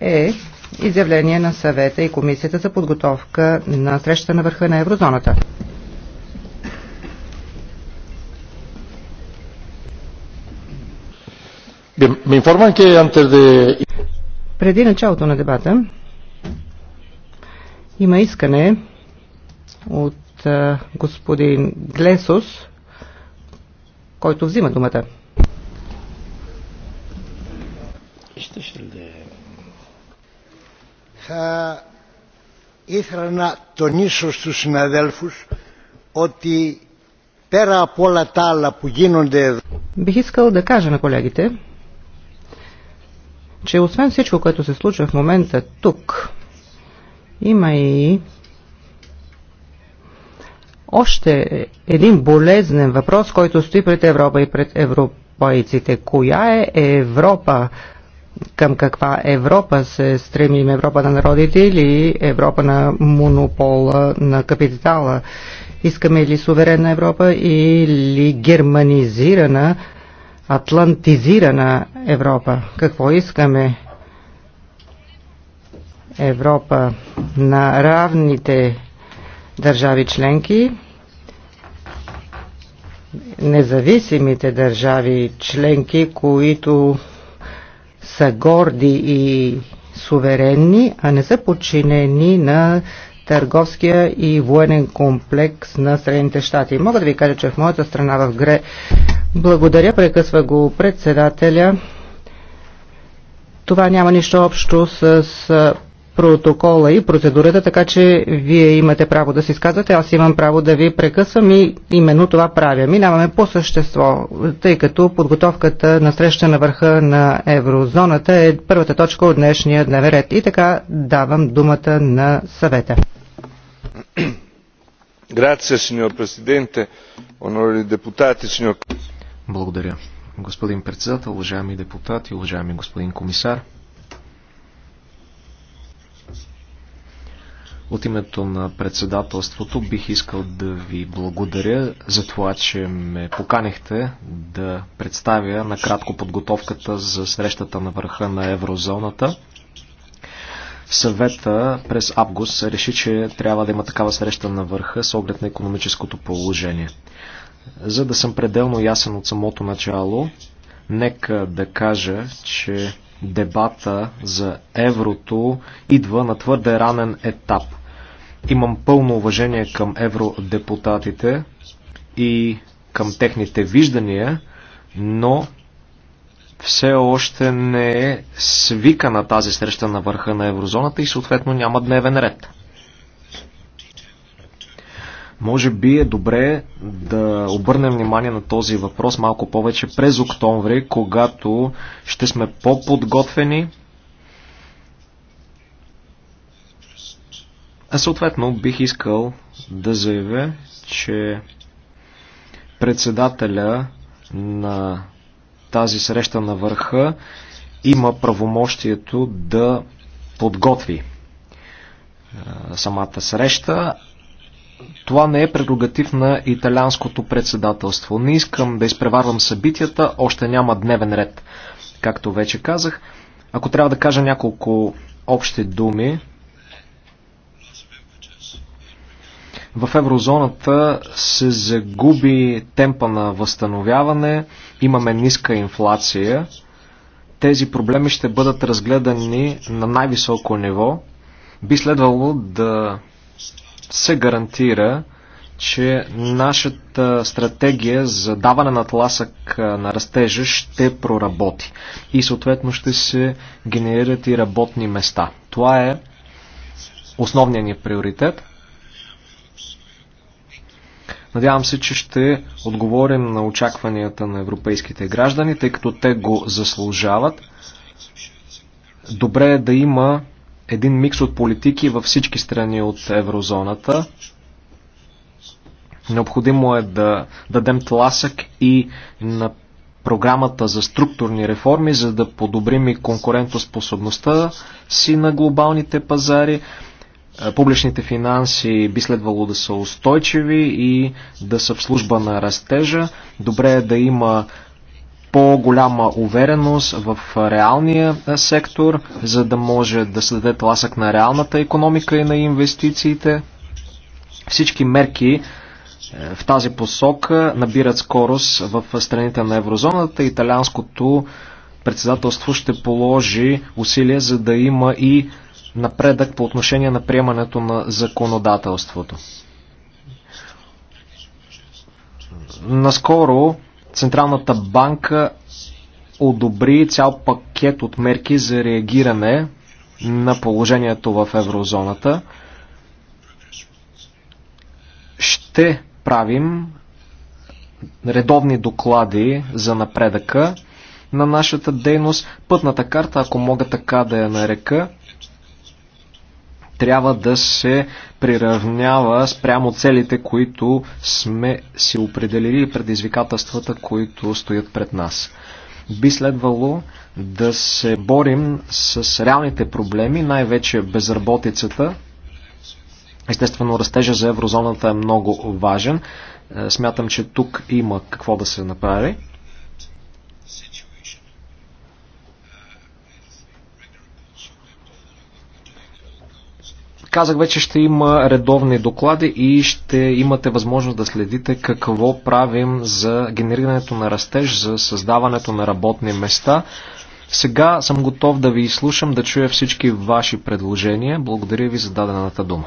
е изявление на съвета и комисията за подготовка на срещата на върха на еврозоната. Преди началото на дебата има искане от а, господин Глесос, който взима думата. Ще ще е? θα ήθελα να τονίσω στους συναδέλφους ότι πέρα από όλα τα άλλα που γίνονται εδώ Бих искал да кажа на колегите, че освен всичко, което се случва в момента тук, има и още един болезнен въпрос, който стои пред Европа и пред европейците. Коя е Европа? към каква Европа се стремим, Европа на народите или Европа на монопола на капитала. Искаме ли суверенна Европа или германизирана, атлантизирана Европа? Какво искаме? Европа на равните държави членки, независимите държави членки, които са горди и суверенни, а не са подчинени на търговския и военен комплекс на Средните щати. Мога да ви кажа, че в моята страна в Гре... Благодаря, прекъсва го председателя. Това няма нищо общо с протокола и процедурата, така че вие имате право да се изказвате, аз имам право да ви прекъсвам и именно това правя. Минаваме по същество, тъй като подготовката на среща на върха на еврозоната е първата точка от днешния дневен ред. И така давам думата на съвета. Грация, сеньор президенте, онори депутати, сеньор... Благодаря. Господин председател, уважаеми депутати, уважаеми господин комисар, От името на председателството бих искал да ви благодаря за това, че ме поканихте да представя накратко подготовката за срещата на върха на еврозоната. Съвета през август реши, че трябва да има такава среща на върха с оглед на економическото положение. За да съм пределно ясен от самото начало, нека да кажа, че дебата за еврото идва на твърде ранен етап. Имам пълно уважение към евродепутатите и към техните виждания, но все още не е свикана тази среща на върха на еврозоната и съответно няма дневен ред. Може би е добре да обърнем внимание на този въпрос малко повече през октомври, когато ще сме по-подготвени. А съответно бих искал да заявя, че председателя на тази среща на върха има правомощието да подготви самата среща, това не е прерогатив на италианското председателство. Не искам да изпреварвам събитията, още няма дневен ред, както вече казах. Ако трябва да кажа няколко общи думи, в еврозоната се загуби темпа на възстановяване, имаме ниска инфлация. Тези проблеми ще бъдат разгледани на най-високо ниво. Би следвало да се гарантира, че нашата стратегия за даване на тласък на растежа ще проработи и съответно ще се генерират и работни места. Това е основният ни приоритет. Надявам се, че ще отговорим на очакванията на европейските граждани, тъй като те го заслужават. Добре е да има един микс от политики във всички страни от еврозоната. Необходимо е да дадем тласък и на програмата за структурни реформи, за да подобрим и конкурентоспособността си на глобалните пазари. Е, публичните финанси би следвало да са устойчиви и да са в служба на растежа. Добре е да има по-голяма увереност в реалния е, сектор, за да може да се даде тласък на реалната економика и на инвестициите. Всички мерки е, в тази посока набират скорост в страните на еврозоната. Италианското председателство ще положи усилия, за да има и напредък по отношение на приемането на законодателството. Наскоро Централната банка одобри цял пакет от мерки за реагиране на положението в еврозоната. Ще правим редовни доклади за напредъка на нашата дейност. Пътната карта, ако мога така да я нарека, трябва да се приравнява спрямо целите, които сме си определили и предизвикателствата, които стоят пред нас. Би следвало да се борим с реалните проблеми, най-вече безработицата. Естествено, растежа за еврозоната е много важен. Е, смятам, че тук има какво да се направи. Казах вече, ще има редовни доклади и ще имате възможност да следите какво правим за генерирането на растеж, за създаването на работни места. Сега съм готов да ви изслушам, да чуя всички ваши предложения. Благодаря ви за дадената дума.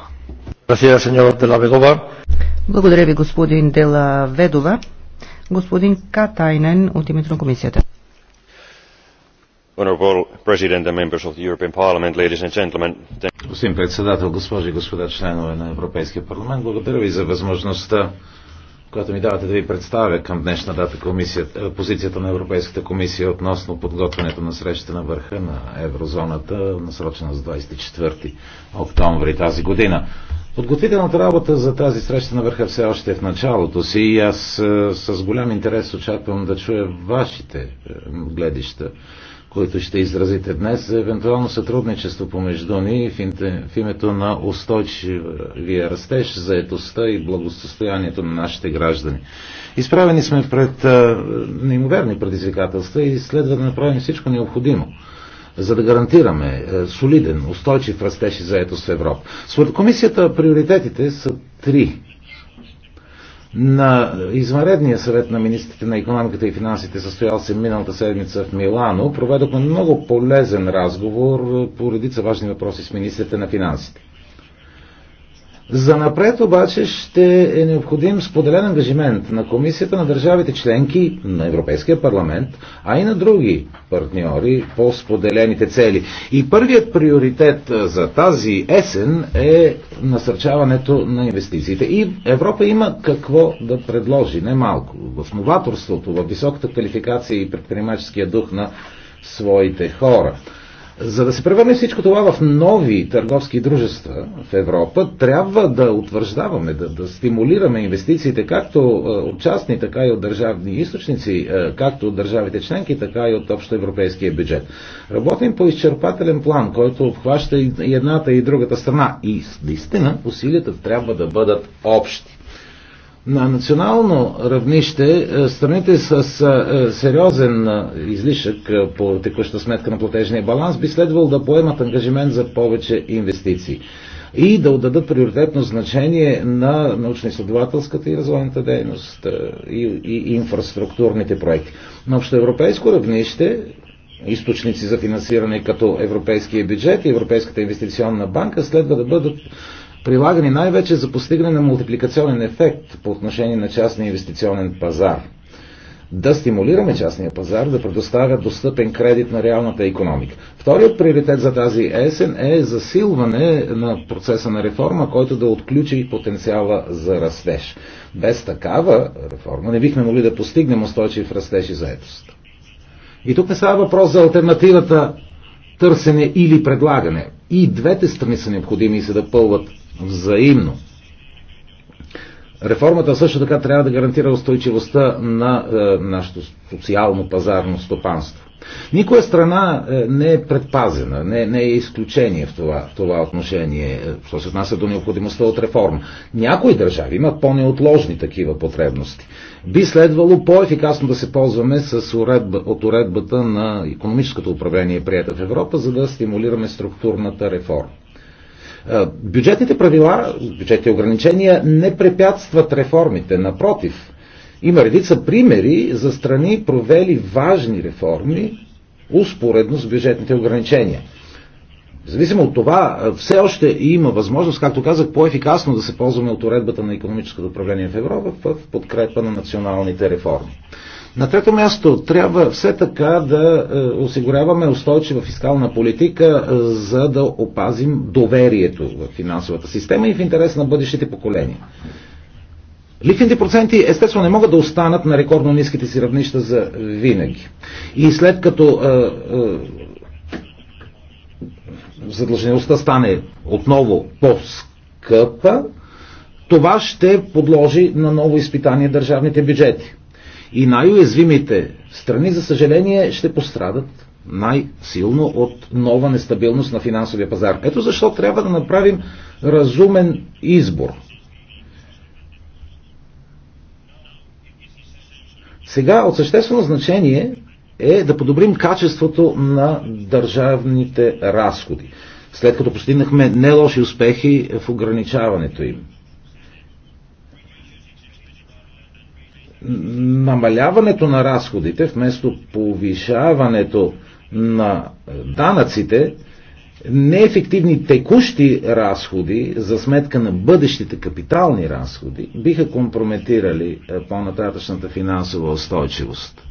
Благодаря ви, господин Дела Ведова. Господин Катайнен от името на комисията. Господин председател, госпожи и господа членове на Европейския парламент, благодаря ви за възможността, която ми давате да ви представя към днешна дата е, позицията на Европейската комисия относно подготвянето на срещата на върха на еврозоната, насрочена за 24 октомври тази година. Подготвителната работа за тази среща на върха все още е в началото си и аз е, с голям интерес очаквам да чуя вашите е, гледища който ще изразите днес, за евентуално сътрудничество помежду ни в името на устойчивия растеж, заетостта и благосостоянието на нашите граждани. Изправени сме пред неимоверни предизвикателства и следва да направим всичко необходимо за да гарантираме солиден, устойчив растеж и заетост в Европа. Според комисията приоритетите са три на извънредния съвет на министрите на економиката и финансите, състоял се миналата седмица в Милано, проведохме много полезен разговор по редица важни въпроси с министрите на финансите. За напред обаче ще е необходим споделен ангажимент на Комисията на държавите членки на Европейския парламент, а и на други партньори по споделените цели. И първият приоритет за тази есен е насърчаването на инвестициите. И Европа има какво да предложи, не малко. В новаторството, в високата квалификация и предприемаческия дух на своите хора. За да се превърне всичко това в нови търговски дружества в Европа, трябва да утвърждаваме, да, да стимулираме инвестициите както е, от частни, така и от държавни източници, е, както от държавите членки, така и от общо европейския бюджет. Работим по изчерпателен план, който обхваща и едната и другата страна. И наистина усилията трябва да бъдат общи. На национално равнище е, страните с е, сериозен е, излишък по текуща сметка на платежния баланс би следвало да поемат ангажимент за повече инвестиции и да отдадат приоритетно значение на научно-изследователската и развойната дейност и, и инфраструктурните проекти. На общоевропейско равнище източници за финансиране като Европейския бюджет и Европейската инвестиционна банка следва да бъдат прилагани най-вече за постигане на мултипликационен ефект по отношение на частния инвестиционен пазар. Да стимулираме частния пазар да предоставя достъпен кредит на реалната економика. Вторият приоритет за тази есен е засилване на процеса на реформа, който да отключи потенциала за растеж. Без такава реформа не бихме могли да постигнем устойчив растеж и заедост. И тук не става въпрос за альтернативата търсене или предлагане. И двете страни са необходими и се да пълват взаимно. Реформата също така трябва да гарантира устойчивостта на е, нашето социално-пазарно стопанство. Никоя страна е, не е предпазена, не, не е изключение в това, това отношение, е, що се отнася до необходимостта от реформа. Някои държави имат по-неотложни такива потребности. Би следвало по-ефикасно да се ползваме с уредба, от уредбата на економическото управление, прията в Европа, за да стимулираме структурната реформа. Е, бюджетните правила, бюджетните ограничения не препятстват реформите, напротив. Има редица примери за страни, провели важни реформи, успоредно с бюджетните ограничения. Зависимо от това, е, все още има възможност, както казах, по-ефикасно да се ползваме от уредбата на економическото управление в Европа в подкрепа на националните реформи. На трето място, трябва все така да е, осигуряваме устойчива фискална политика, е, за да опазим доверието в финансовата система и в интерес на бъдещите поколения. Лихвените проценти естествено не могат да останат на рекордно ниските си равнища за винаги. И след като е, задлъжнялостта стане отново по-скъпа, това ще подложи на ново изпитание държавните бюджети. И най-уязвимите страни, за съжаление, ще пострадат най-силно от нова нестабилност на финансовия пазар. Ето защо трябва да направим разумен избор. Сега от съществено значение е да подобрим качеството на държавните разходи, след като постигнахме не лоши успехи в ограничаването им. намаляването на разходите вместо повишаването на данъците, неефективни текущи разходи за сметка на бъдещите капитални разходи биха компрометирали е, по-нататъчната финансова устойчивост.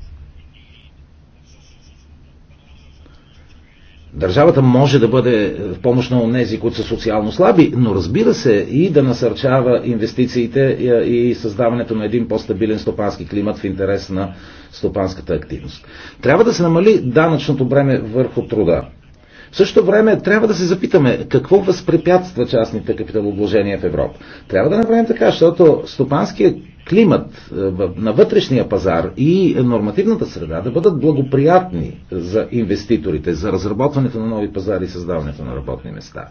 Държавата може да бъде в помощ на онези, които са социално слаби, но разбира се и да насърчава инвестициите и създаването на един по-стабилен стопански климат в интерес на стопанската активност. Трябва да се намали данъчното бреме върху труда. В същото време трябва да се запитаме какво възпрепятства частните капиталообложения в Европа. Трябва да направим така, защото стопанският климат е, на вътрешния пазар и нормативната среда да бъдат благоприятни за инвеститорите, за разработването на нови пазари и създаването на работни места.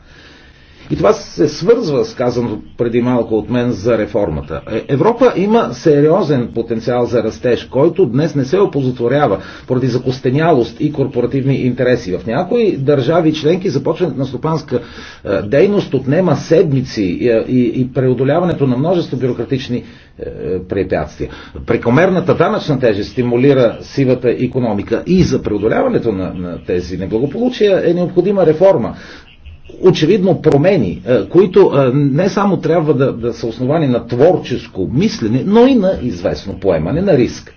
И това се свързва с казаното преди малко от мен за реформата. Е, Европа има сериозен потенциал за растеж, който днес не се опозотворява поради закостенялост и корпоративни интереси. В някои държави членки започването на стопанска е, дейност отнема седмици е, и преодоляването на множество бюрократични препятствия. Прекомерната данъчна тежест стимулира сивата економика и за преодоляването на, на тези неблагополучия е необходима реформа очевидно промени, е, които е, не само трябва да, да са основани на творческо мислене, но и на известно поемане на риск.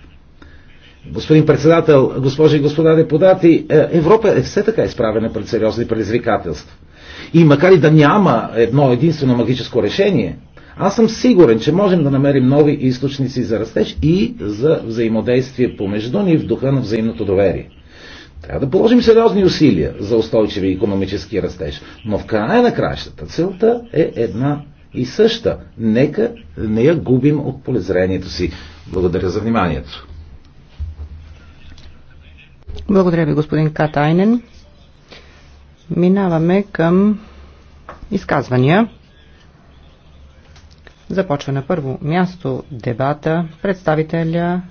Господин председател, госпожи и господа депутати, е, Европа е все така изправена пред сериозни предизвикателства. И макар и да няма едно единствено магическо решение, аз съм сигурен, че можем да намерим нови източници за растеж и за взаимодействие помежду ни в духа на взаимното доверие. Трябва да положим сериозни усилия за устойчиви економически растеж. Но в края на кращата целта е една и съща. Нека не я губим от полезрението си. Благодаря за вниманието. Благодаря ви, господин Катайнен. Минаваме към изказвания. Започва на първо място дебата представителя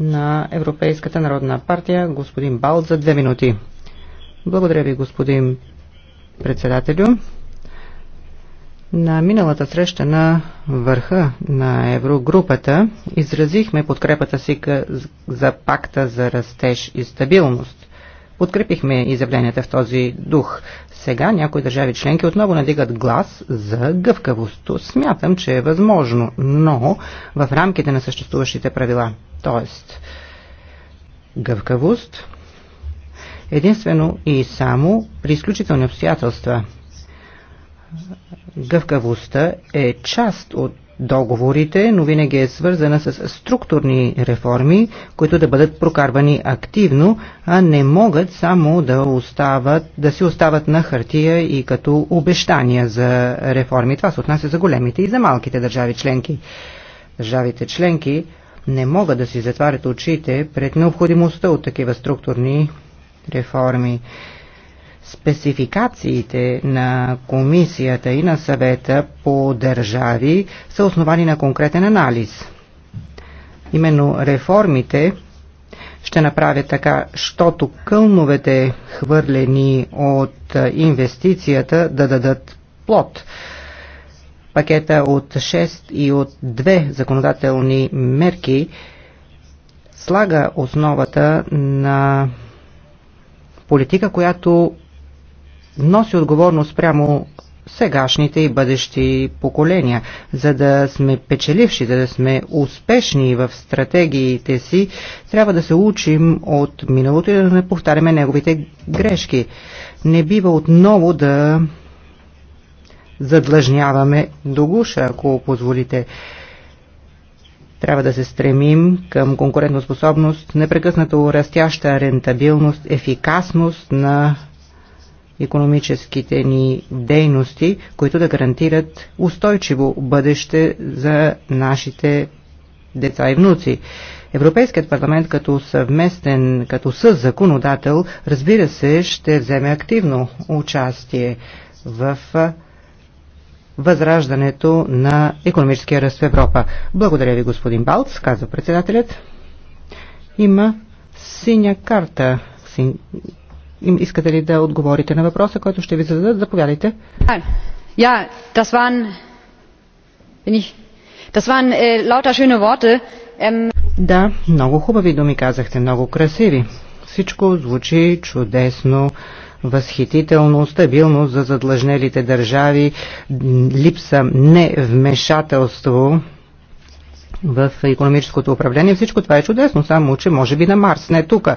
на Европейската народна партия, господин Балт, за две минути. Благодаря ви, господин председателю. На миналата среща на върха на Еврогрупата изразихме подкрепата си за пакта за растеж и стабилност. Подкрепихме изявленията в този дух. Сега някои държави членки отново надигат глас за гъвкавост. Смятам, че е възможно, но в рамките на съществуващите правила. Тоест, гъвкавост единствено и само при изключителни обстоятелства. Гъвкавостта е част от договорите, но винаги е свързана с структурни реформи, които да бъдат прокарвани активно, а не могат само да, остават, да си остават на хартия и като обещания за реформи. Това се отнася за големите и за малките държави членки. Държавите членки не могат да си затварят очите пред необходимостта от такива структурни реформи. Спецификациите на комисията и на съвета по държави са основани на конкретен анализ. Именно реформите ще направят така, щото кълновете хвърлени от инвестицията да дадат плод. Пакета от 6 и от 2 законодателни мерки слага основата на политика, която носи отговорност прямо сегашните и бъдещи поколения. За да сме печеливши, за да сме успешни в стратегиите си, трябва да се учим от миналото и да не повтаряме неговите грешки. Не бива отново да задлъжняваме до гуша, ако позволите. Трябва да се стремим към конкурентоспособност, непрекъснато растяща рентабилност, ефикасност на економическите ни дейности, които да гарантират устойчиво бъдеще за нашите деца и внуци. Европейският парламент като съвместен, като със законодател, разбира се, ще вземе активно участие в възраждането на економическия ръст в Европа. Благодаря ви, господин Балц, казва председателят. Има синя карта. Син... Искате ли да отговорите на въпроса, който ще ви зададат? Заповядайте. Ja, das waren, bin ich, das waren äh, lauter schöne Worte. Ähm... Да, много хубави думи казахте, много красиви. Всичко звучи чудесно възхитително, стабилно за задлъжнелите държави, липса невмешателство в економическото управление. Всичко това е чудесно, само че може би на Марс, не тук.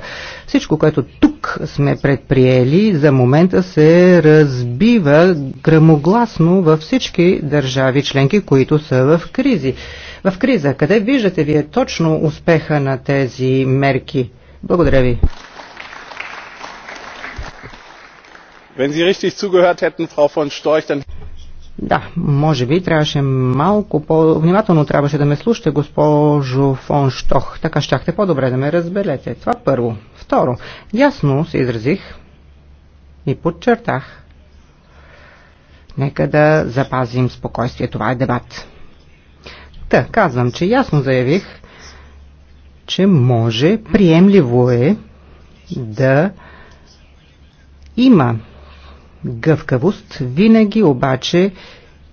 Всичко, което тук сме предприели, за момента се разбива грамогласно във всички държави членки, които са в кризи. В криза, къде виждате вие точно успеха на тези мерки? Благодаря ви. Wenn Sie richtig zugehört hätten, Frau von Storch, dann да, може би трябваше малко по-внимателно трябваше да ме слушате, госпожо фон Штох. Така щяхте по-добре да ме разберете. Това първо. Второ, ясно се изразих и подчертах. Нека да запазим спокойствие. Това е дебат. Та, казвам, че ясно заявих, че може, приемливо е да има гъвкавост, винаги обаче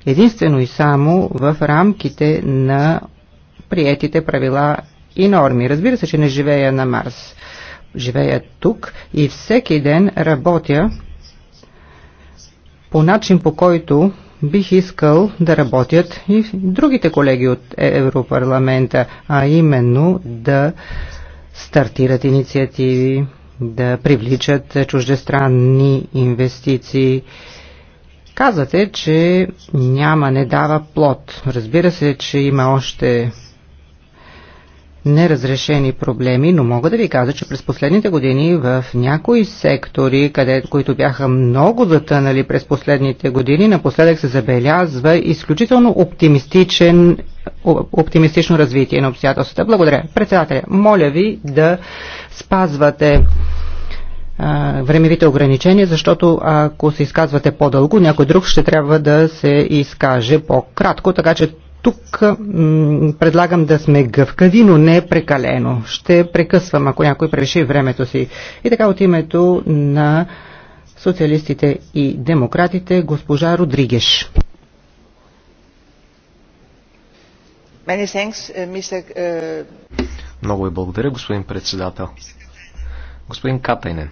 единствено и само в рамките на приетите правила и норми. Разбира се, че не живея на Марс. Живея тук и всеки ден работя по начин по който бих искал да работят и другите колеги от е-, Европарламента, а именно да стартират инициативи, да привличат чуждестранни инвестиции. Казвате, че няма, не дава плод. Разбира се, че има още неразрешени проблеми, но мога да ви кажа, че през последните години в някои сектори, къде, които бяха много затънали през последните години, напоследък се забелязва изключително оптимистичен, оптимистично развитие на обстоятелствата. Благодаря. Председателя, моля ви да спазвате а, времевите ограничения, защото ако се изказвате по-дълго, някой друг ще трябва да се изкаже по-кратко, така че тук предлагам да сме гъвкави, но не прекалено. Ще прекъсвам, ако някой преши времето си. И така от името на социалистите и демократите, госпожа Родригеш. Uh, uh, Много ви благодаря, господин председател. Господин Катайнен,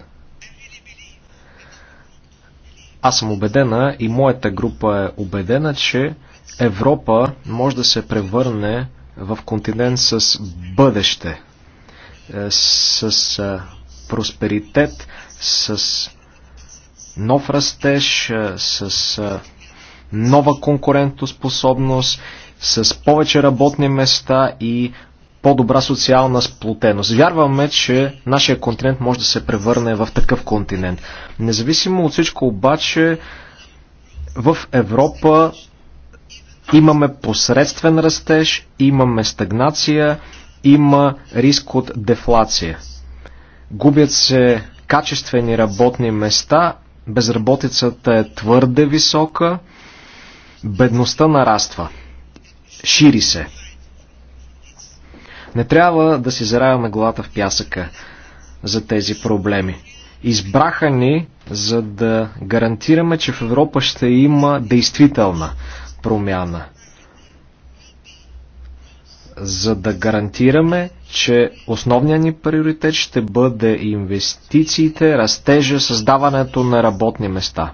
аз съм убедена и моята група е убедена, че Европа може да се превърне в континент с бъдеще, е, с е, просперитет, с нов растеж, е, с нова конкурентоспособност, с повече работни места и по-добра социална сплотеност. Вярваме, че нашия континент може да се превърне в такъв континент. Независимо от всичко обаче, в Европа Имаме посредствен растеж, имаме стагнация, има риск от дефлация. Губят се качествени работни места, безработицата е твърде висока, бедността нараства, шири се. Не трябва да си заравяме главата в пясъка за тези проблеми. Избраха ни, за да гарантираме, че в Европа ще има действителна промяна. За да гарантираме, че основният ни приоритет ще бъде инвестициите, растежа, създаването на работни места.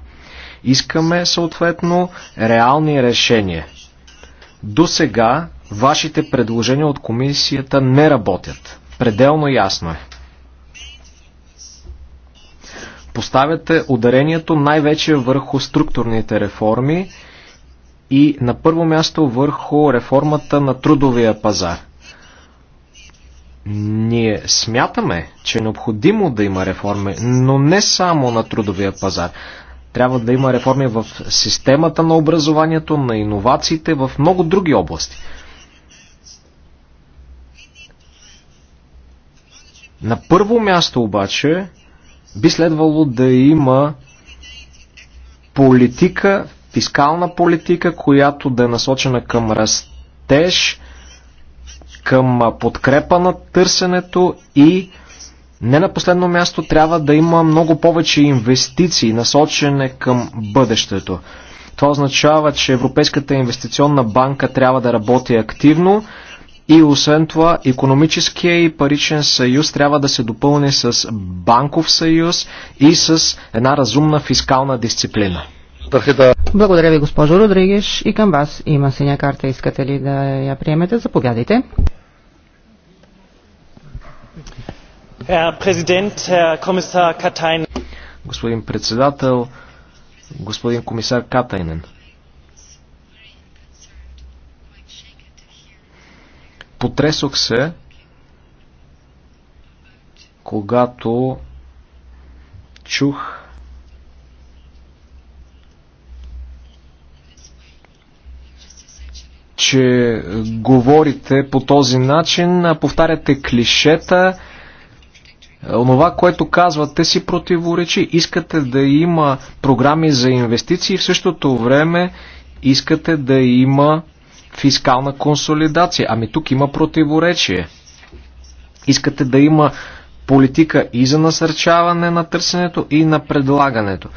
Искаме съответно реални решения. До сега вашите предложения от комисията не работят. Пределно ясно е. Поставяте ударението най-вече върху структурните реформи и на първо място върху реформата на трудовия пазар. Ние смятаме, че е необходимо да има реформи, но не само на трудовия пазар. Трябва да има реформи в системата на образованието, на иновациите, в много други области. На първо място обаче би следвало да има политика фискална политика, която да е насочена към растеж, към подкрепа на търсенето и не на последно място трябва да има много повече инвестиции, насочене към бъдещето. Това означава, че Европейската инвестиционна банка трябва да работи активно и освен това економическия и паричен съюз трябва да се допълни с банков съюз и с една разумна фискална дисциплина. Благодаря ви, госпожо Родригеш. И към вас има синя карта. Искате ли да я приемете? Заповядайте. Господин председател, господин комисар Катайнен. Потресох се, когато чух че е, говорите по този начин, повтаряте клишета. Е, онова, което казвате, си противоречи. Искате да има програми за инвестиции, в същото време искате да има фискална консолидация. Ами тук има противоречие. Искате да има политика и за насърчаване на търсенето, и на предлагането.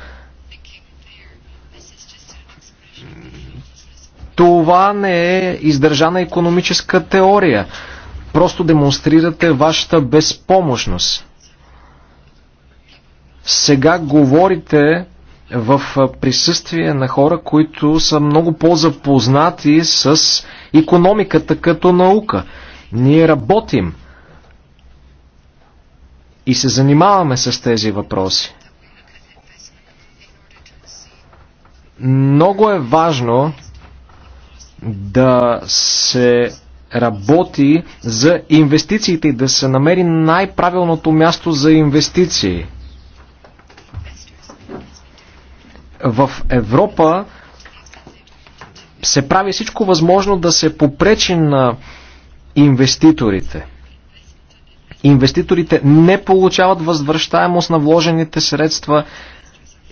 Това не е издържана економическа теория. Просто демонстрирате вашата безпомощност. Сега говорите в присъствие на хора, които са много по-запознати с економиката като наука. Ние работим и се занимаваме с тези въпроси. Много е важно да се работи за инвестициите и да се намери най-правилното място за инвестиции. В Европа се прави всичко възможно да се попречи на инвеститорите. Инвеститорите не получават възвръщаемост на вложените средства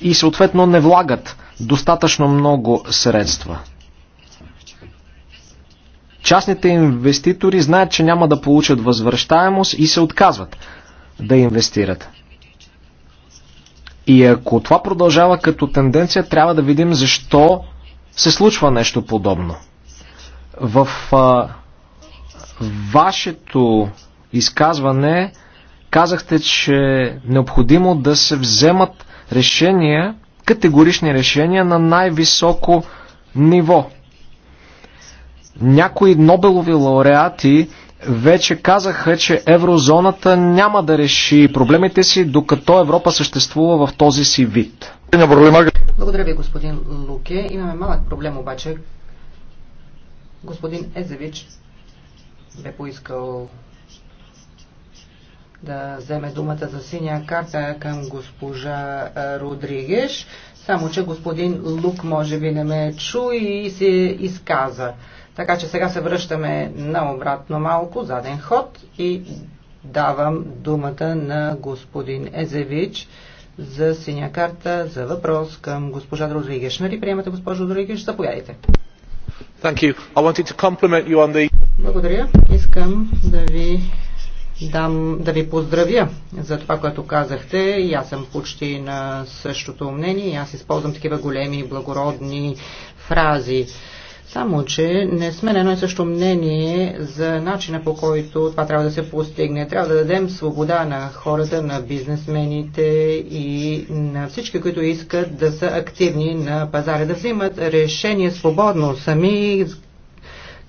и съответно не влагат достатъчно много средства. Частните инвеститори знаят, че няма да получат възвръщаемост и се отказват да инвестират. И ако това продължава като тенденция, трябва да видим защо се случва нещо подобно. В а, вашето изказване казахте, че е необходимо да се вземат решения, категорични решения на най-високо ниво някои Нобелови лауреати вече казаха, че еврозоната няма да реши проблемите си, докато Европа съществува в този си вид. Благодаря ви, господин Луке. Имаме малък проблем обаче. Господин Езевич бе поискал да вземе думата за синя карта към госпожа Родригеш, само че господин Лук може би не ме чу и се изказа. Така че сега се връщаме на обратно малко, заден ход и давам думата на господин Езевич за синя карта за въпрос към госпожа Родригеш. Нали приемате госпожо Родригеш? Заповядайте. The... Благодаря. Искам да ви дам, да ви поздравя за това, което казахте. И аз съм почти на същото мнение. И аз използвам такива големи, благородни фрази. Само, че не сме на едно и също мнение за начина по който това трябва да се постигне. Трябва да дадем свобода на хората, на бизнесмените и на всички, които искат да са активни на пазара, да взимат решение свободно, сами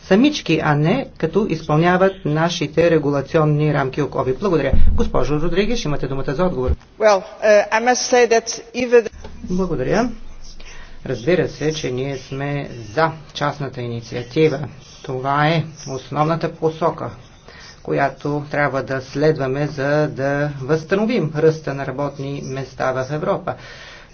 самички, а не като изпълняват нашите регулационни рамки окови. Благодаря. Госпожо Родригеш, имате думата за отговор. Well, uh, even... Благодаря. Разбира се, че ние сме за частната инициатива. Това е основната посока, която трябва да следваме, за да възстановим ръста на работни места в Европа.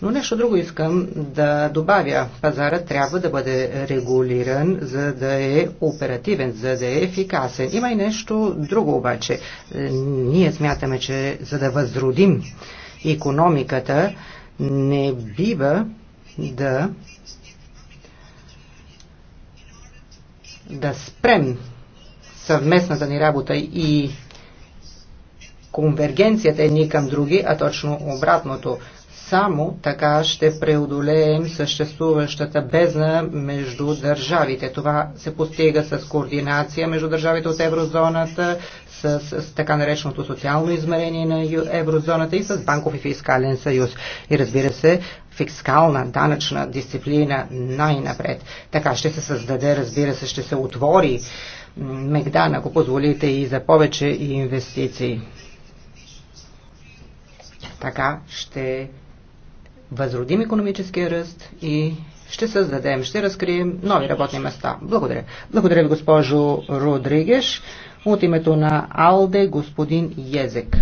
Но нещо друго искам да добавя. Пазара трябва да бъде регулиран, за да е оперативен, за да е ефикасен. Има и нещо друго обаче. Ние смятаме, че за да възродим економиката, не бива да да спрем съвместната ни работа и конвергенцията едни към други, а точно обратното. Само така ще преодолеем съществуващата бездна между държавите. Това се постига с координация между държавите от еврозоната, с, с, така нареченото социално измерение на еврозоната и с банков и фискален съюз. И разбира се, фискална, данъчна дисциплина най-напред. Така ще се създаде, разбира се, ще се отвори Мегдан, ако позволите, и за повече инвестиции. Така ще възродим економическия ръст и ще създадем, ще разкрием нови работни места. Благодаря. Благодаря ви, госпожо Родригеш. От името на АЛДЕ господин Езек.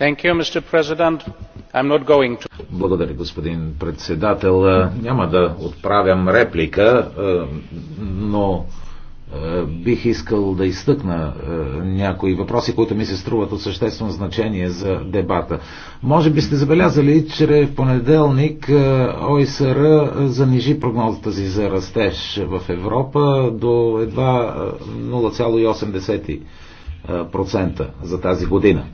You, to... Благодаря, господин председател. Няма да отправям реплика, е, но е, бих искал да изтъкна е, някои въпроси, които ми се струват от съществено значение за дебата. Може би сте забелязали, че в понеделник е, ОИСР занижи прогнозата си за растеж в Европа до едва 0,8% за тази година.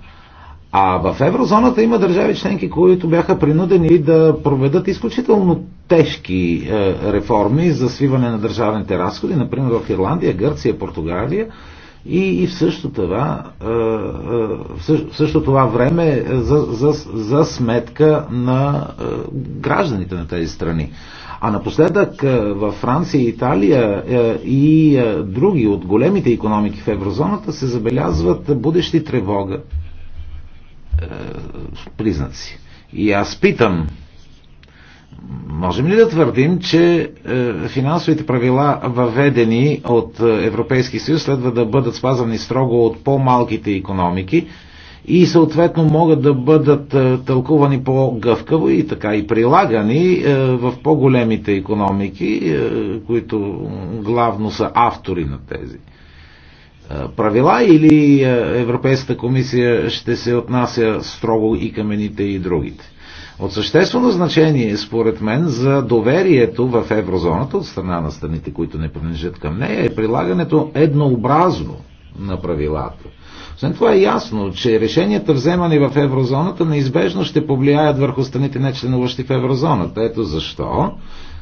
А в еврозоната има държави членки, които бяха принудени да проведат изключително тежки е, реформи за свиване на държавните разходи, например в Ирландия, Гърция, Португалия. И, и в, също това, е, е, в, също, в също това време за, за, за сметка на гражданите на тези страни. А напоследък във Франция, Италия и други от големите економики в еврозоната се забелязват будещи тревога е, признаци. И аз питам, можем ли да твърдим, че е, финансовите правила, въведени от е, Европейски съюз, следва да бъдат спазвани строго от по-малките економики и съответно могат да бъдат тълкувани по-гъвкаво и така и прилагани в по-големите економики, които главно са автори на тези правила или Европейската комисия ще се отнася строго и към едните и другите? От съществено значение, според мен, за доверието в еврозоната от страна на страните, които не принадлежат към нея, е прилагането еднообразно на правилата. Освен това е ясно, че решенията вземани в еврозоната неизбежно ще повлияят върху страните не членуващи в еврозоната. Ето защо.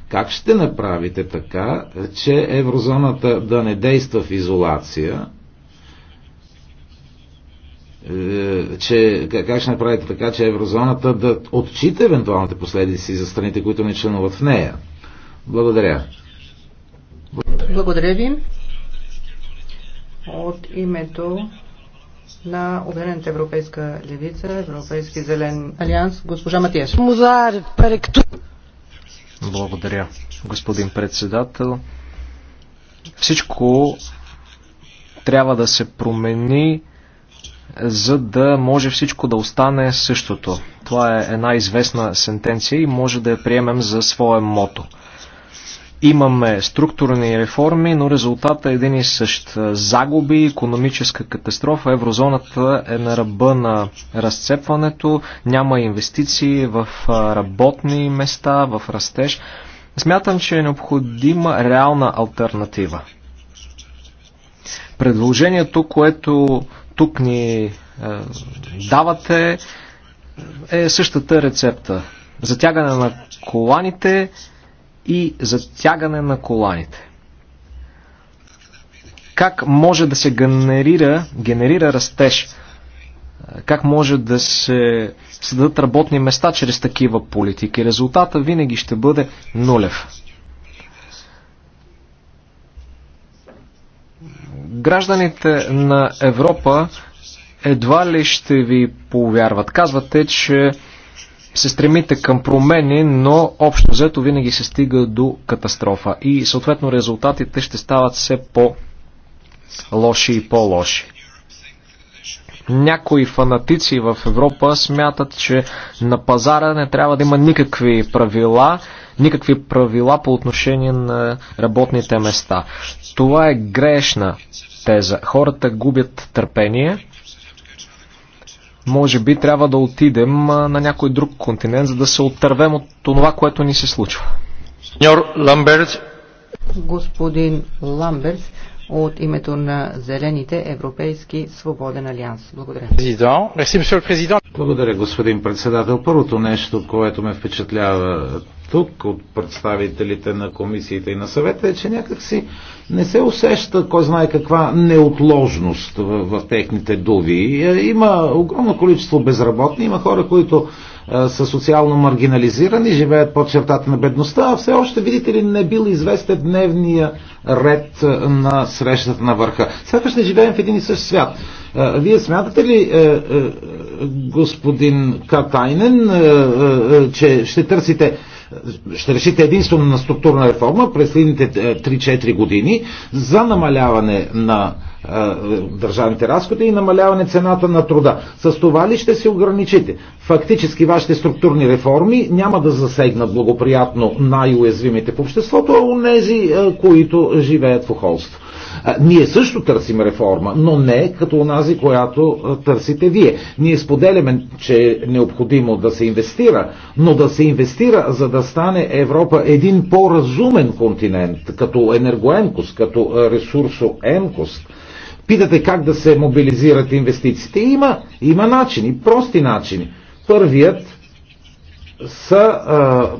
Как ще направите така, че еврозоната да не действа в изолация, е, че как ще направите така, че еврозоната да отчита евентуалните последици за страните, които не членуват в нея. Благодаря. Благодаря, Благодаря ви. От името на Обединената европейска левица, Европейски зелен алианс, госпожа Матиеш. Благодаря, господин председател. Всичко трябва да се промени за да може всичко да остане същото. Това е една известна сентенция и може да я приемем за свое мото. Имаме структурни реформи, но резултата е един и същ. Загуби, економическа катастрофа, еврозоната е на ръба на разцепването, няма инвестиции в работни места, в растеж. Смятам, че е необходима реална альтернатива. Предложението, което тук ни давате, е същата рецепта. Затягане на коланите и затягане на коланите. Как може да се генерира, генерира растеж? Как може да се създадат работни места чрез такива политики? Резултата винаги ще бъде нулев. Гражданите на Европа едва ли ще ви повярват. Казвате, че се стремите към промени, но общо взето винаги се стига до катастрофа и съответно резултатите ще стават все по-лоши и по-лоши някои фанатици в Европа смятат, че на пазара не трябва да има никакви правила, никакви правила по отношение на работните места. Това е грешна теза. Хората губят търпение. Може би трябва да отидем на някой друг континент, за да се оттървем от това, което ни се случва. Господин Ламберт, от името на Зелените Европейски свободен алианс. Благодаря. Благодаря, господин председател. Първото нещо, което ме впечатлява тук от представителите на комисията и на съвета е, че някакси не се усеща кой знае каква неотложност в, в техните дуви. Е, има огромно количество безработни, има хора, които а, е, са социално маргинализирани, живеят под чертата на бедността, а все още, видите ли, не бил известен дневния ред е, на срещата на върха. Сякаш не живеем в един и същ свят. А, вие смятате ли, а, господин Катайнен, че ще търсите ще решите единствено на структурна реформа през следните 3-4 е, години за намаляване на е, държавните разходи и намаляване цената на труда. С това ли ще се ограничите? Фактически вашите структурни реформи няма да засегнат благоприятно най-уязвимите в обществото, а у нези, е, които живеят в охолство. Ние също търсим реформа, но не като онази, която търсите вие. Ние споделяме, че е необходимо да се инвестира, но да се инвестира, за да стане Европа един по-разумен континент, като енергоемкост, като ресурсоемкост. Питате как да се мобилизират инвестициите. Има, има начини, прости начини. Първият са а,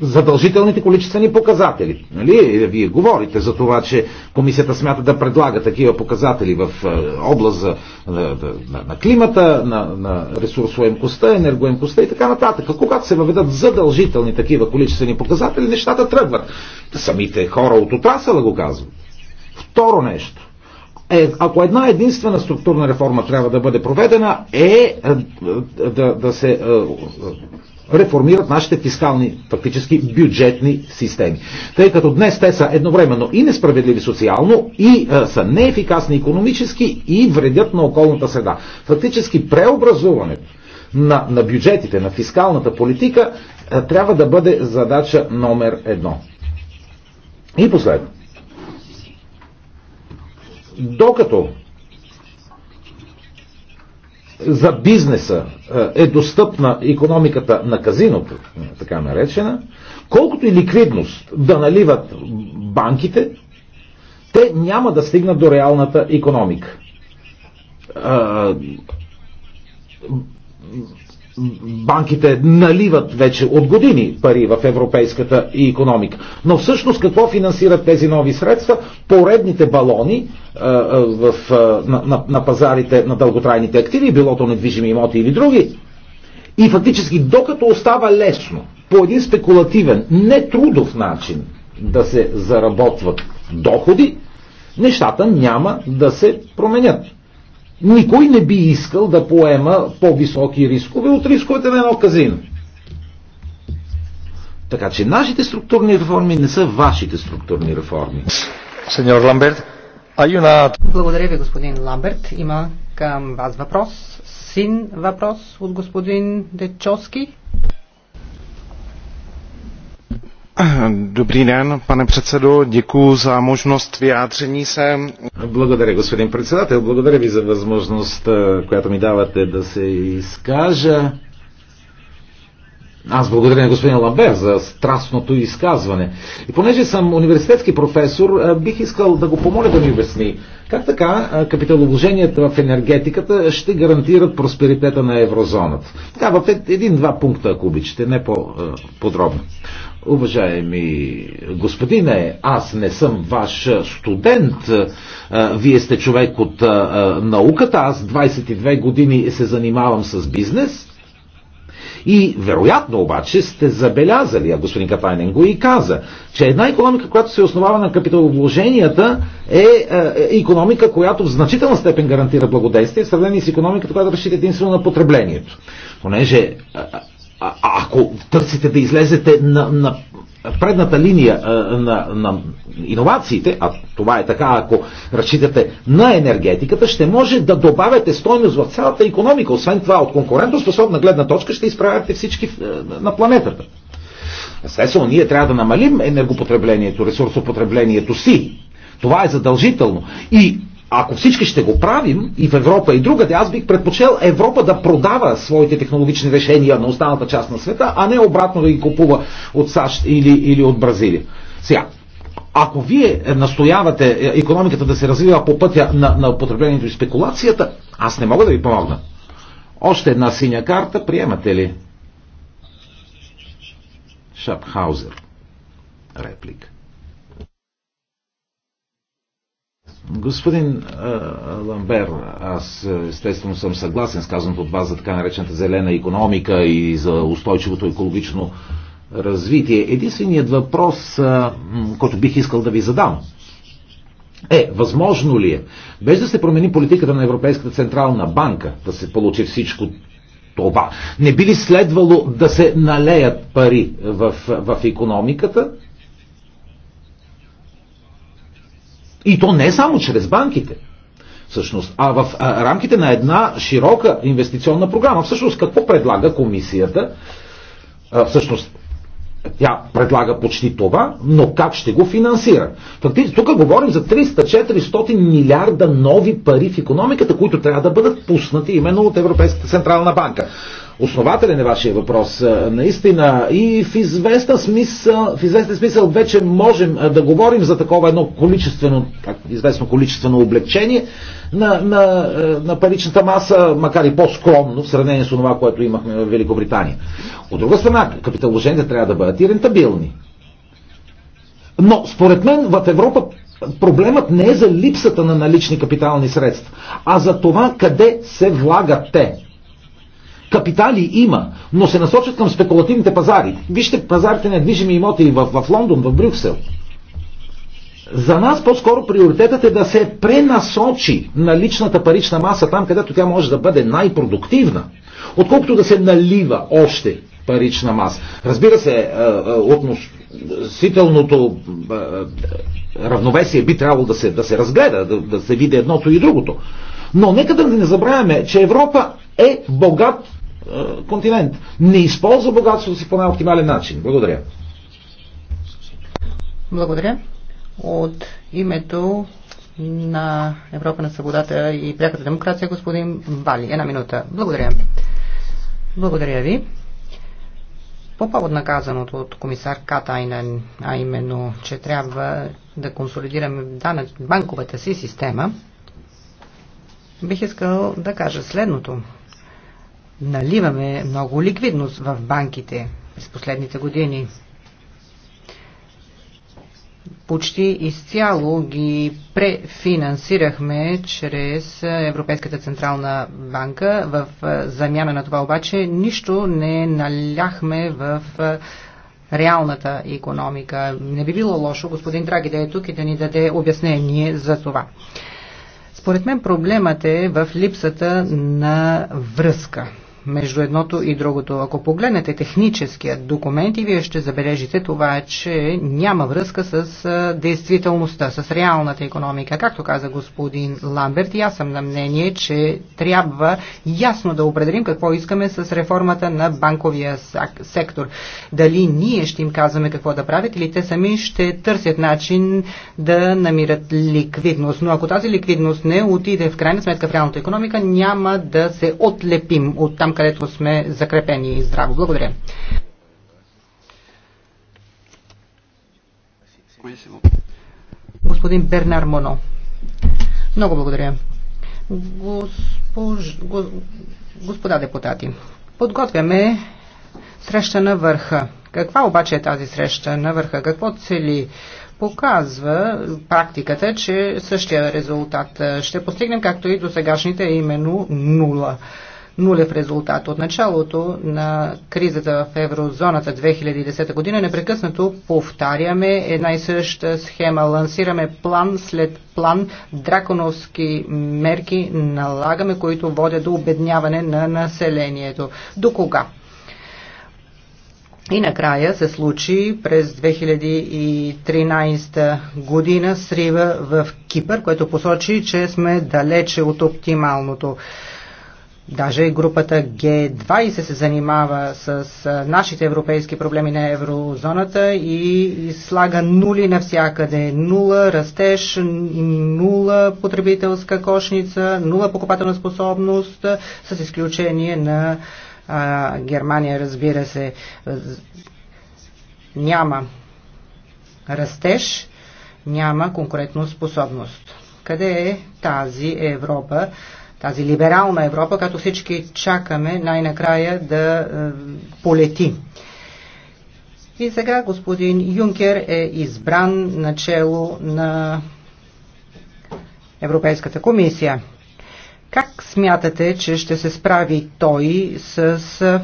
задължителните количествени показатели. Нали? Е, вие говорите за това, че комисията смята да предлага такива показатели в е, област за, на, е, на, на климата, на, на ресурсоемкостта, енергоемкостта и така нататък. когато се въведат задължителни такива количествени показатели, нещата тръгват. Самите хора от отрасъла го казват. Второ нещо е, ако една единствена структурна реформа трябва да бъде проведена, е да, да се реформират нашите фискални, фактически бюджетни системи. Тъй като днес те са едновременно и несправедливи социално, и а, е, са неефикасни економически, и вредят на околната среда. Фактически преобразуването на, на бюджетите, на фискалната политика а, е, трябва да бъде задача номер едно. И последно. Докато за бизнеса е, е достъпна економиката на казиното, така наречена, колкото и ликвидност да наливат банките, те няма да стигнат до реалната економика банките наливат вече от години пари в европейската економика. Но всъщност какво финансират тези нови средства? Поредните балони а, е, а, е, в, а, е, на, на, на пазарите на дълготрайните активи, било то недвижими имоти или други. И фактически, докато остава лесно, по един спекулативен, нетрудов начин да се заработват доходи, нещата няма да се променят. Никой не би искал да поема по-високи рискове от рисковете на едно казино. Така че нашите структурни реформи не са вашите структурни реформи. Сеньор Ламберт, Аюна. Благодаря ви, господин Ламберт. Има към вас въпрос. Син въпрос от господин Дечовски. pane předsedající. Благодаря, господин председател. Благодаря ви за възможност, е, която ми давате да се изкажа. Аз благодаря на господин Ламбер за страстното изказване. И понеже съм университетски професор, е, бих искал да го помоля да ми обясни. Как така е, капиталовложенията в енергетиката ще гарантират просперитета на еврозоната? Така, в един-два пункта, ако обичате, не по-подробно. Уважаеми господине, аз не съм ваш студент. Вие сте човек от науката. Аз 22 години се занимавам с бизнес. И вероятно обаче сте забелязали, а господин Катайнен го и каза, че една економика, която се основава на капиталовложенията, е, е, е економика, която в значителна степен гарантира благодействие в сравнение с економиката, която разчита единствено на потреблението. Понеже а, ако търсите да излезете на, на предната линия а, на, на иновациите, а това е така, ако разчитате на енергетиката, ще може да добавяте стойност в цялата економика. Освен това, от конкурентоспособна гледна точка ще изправяте всички е, на планетата. Естествено, ние трябва да намалим енергопотреблението, ресурсопотреблението си. Това е задължително. И ако всички ще го правим и в Европа и другаде, аз бих предпочел Европа да продава своите технологични решения на останалата част на света, а не обратно да ги купува от САЩ или, или от Бразилия. Сега, ако вие настоявате е, економиката да се развива по пътя на, на употреблението и спекулацията, аз не мога да ви помогна. Още една синя карта, приемате ли? Шапхаузер. Реплика. Господин Ламбер, аз естествено съм съгласен с казаното от вас за така наречената зелена економика и за устойчивото екологично развитие. Единственият въпрос, който бих искал да ви задам, е, възможно ли е, без да се промени политиката на Европейската централна банка, да се получи всичко това, не би ли следвало да се налеят пари в, в економиката, И то не само чрез банките, всъщност, а в а, рамките на една широка инвестиционна програма. Всъщност, какво предлага комисията? А, всъщност, тя предлага почти това, но как ще го финансира? Фактически, тук говорим за 300-400 милиарда нови пари в економиката, които трябва да бъдат пуснати именно от Европейската централна банка основателен е вашия въпрос. Наистина и в известен смисъл, в известен смисъл вече можем да говорим за такова едно количествено, известно количествено облегчение на, на, на паричната маса, макар и по-скромно в сравнение с това, което имахме в Великобритания. От друга страна, капиталовложенията трябва да бъдат и рентабилни. Но според мен в Европа проблемът не е за липсата на налични капитални средства, а за това къде се влагат те. Капитали има, но се насочат към спекулативните пазари. Вижте пазарите на движими имоти в, в Лондон, в Брюксел. За нас по-скоро приоритетът е да се пренасочи на личната парична маса там, където тя може да бъде най-продуктивна, отколкото да се налива още парична маса. Разбира се, е, е, относителното е, равновесие би трябвало да се, да се разгледа, да, да се види едното и другото. Но нека да не забравяме, че Европа е богат континент. Не използва богатството си по най-оптимален начин. Благодаря. Благодаря. От името на Европа на свободата и пряката демокрация, господин Вали. Една минута. Благодаря. Благодаря ви. По повод на казаното от комисар Катайнен, а именно, че трябва да консолидираме банковата си система, бих искал да кажа следното наливаме много ликвидност в банките през последните години. Почти изцяло ги префинансирахме чрез Европейската централна банка. В замяна на това обаче нищо не наляхме в реалната економика. Не би било лошо господин Драги да е тук и да ни даде обяснение за това. Според мен проблемът е в липсата на връзка между едното и другото. Ако погледнете техническия документ и вие ще забележите това, че няма връзка с действителността, с реалната економика. Както каза господин Ламберт, и аз съм на мнение, че трябва ясно да определим какво искаме с реформата на банковия сектор. Дали ние ще им казваме какво да правят или те сами ще търсят начин да намират ликвидност. Но ако тази ликвидност не отиде в крайна сметка в реалната економика, няма да се отлепим от там, където сме закрепени здраво. Благодаря. Господин Бернар Моно. Много благодаря. Госпож... Господа депутати, подготвяме среща на върха. Каква обаче е тази среща на върха? Какво цели? Показва практиката, че същия резултат ще постигнем, както и до сегашните, именно нула нулев резултат. От началото на кризата в еврозоната 2010 година непрекъснато повтаряме една и съща схема. Лансираме план след план, драконовски мерки налагаме, които водят до обедняване на населението. До кога? И накрая се случи през 2013 година срива в Кипър, което посочи, че сме далече от оптималното. Даже групата G20 се занимава с нашите европейски проблеми на еврозоната и слага нули навсякъде. Нула растеж, нула потребителска кошница, нула покупателна способност, с изключение на а, Германия, разбира се. Няма растеж, няма конкретно способност. Къде е тази Европа? тази либерална Европа, като всички чакаме най-накрая да е, полети. И сега господин Юнкер е избран начело на Европейската комисия. Как смятате, че ще се справи той с е,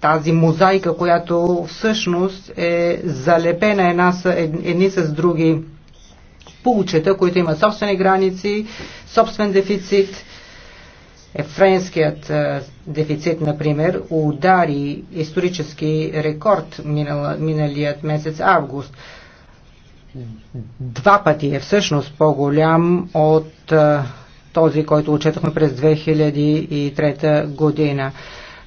тази мозайка, която всъщност е залепена една с, едни с други пулчета, които имат собствени граници, собствен дефицит Френският е, дефицит, например, удари исторически рекорд миналият месец август. Два пъти е всъщност по-голям от е, този, който отчетахме през 2003 година.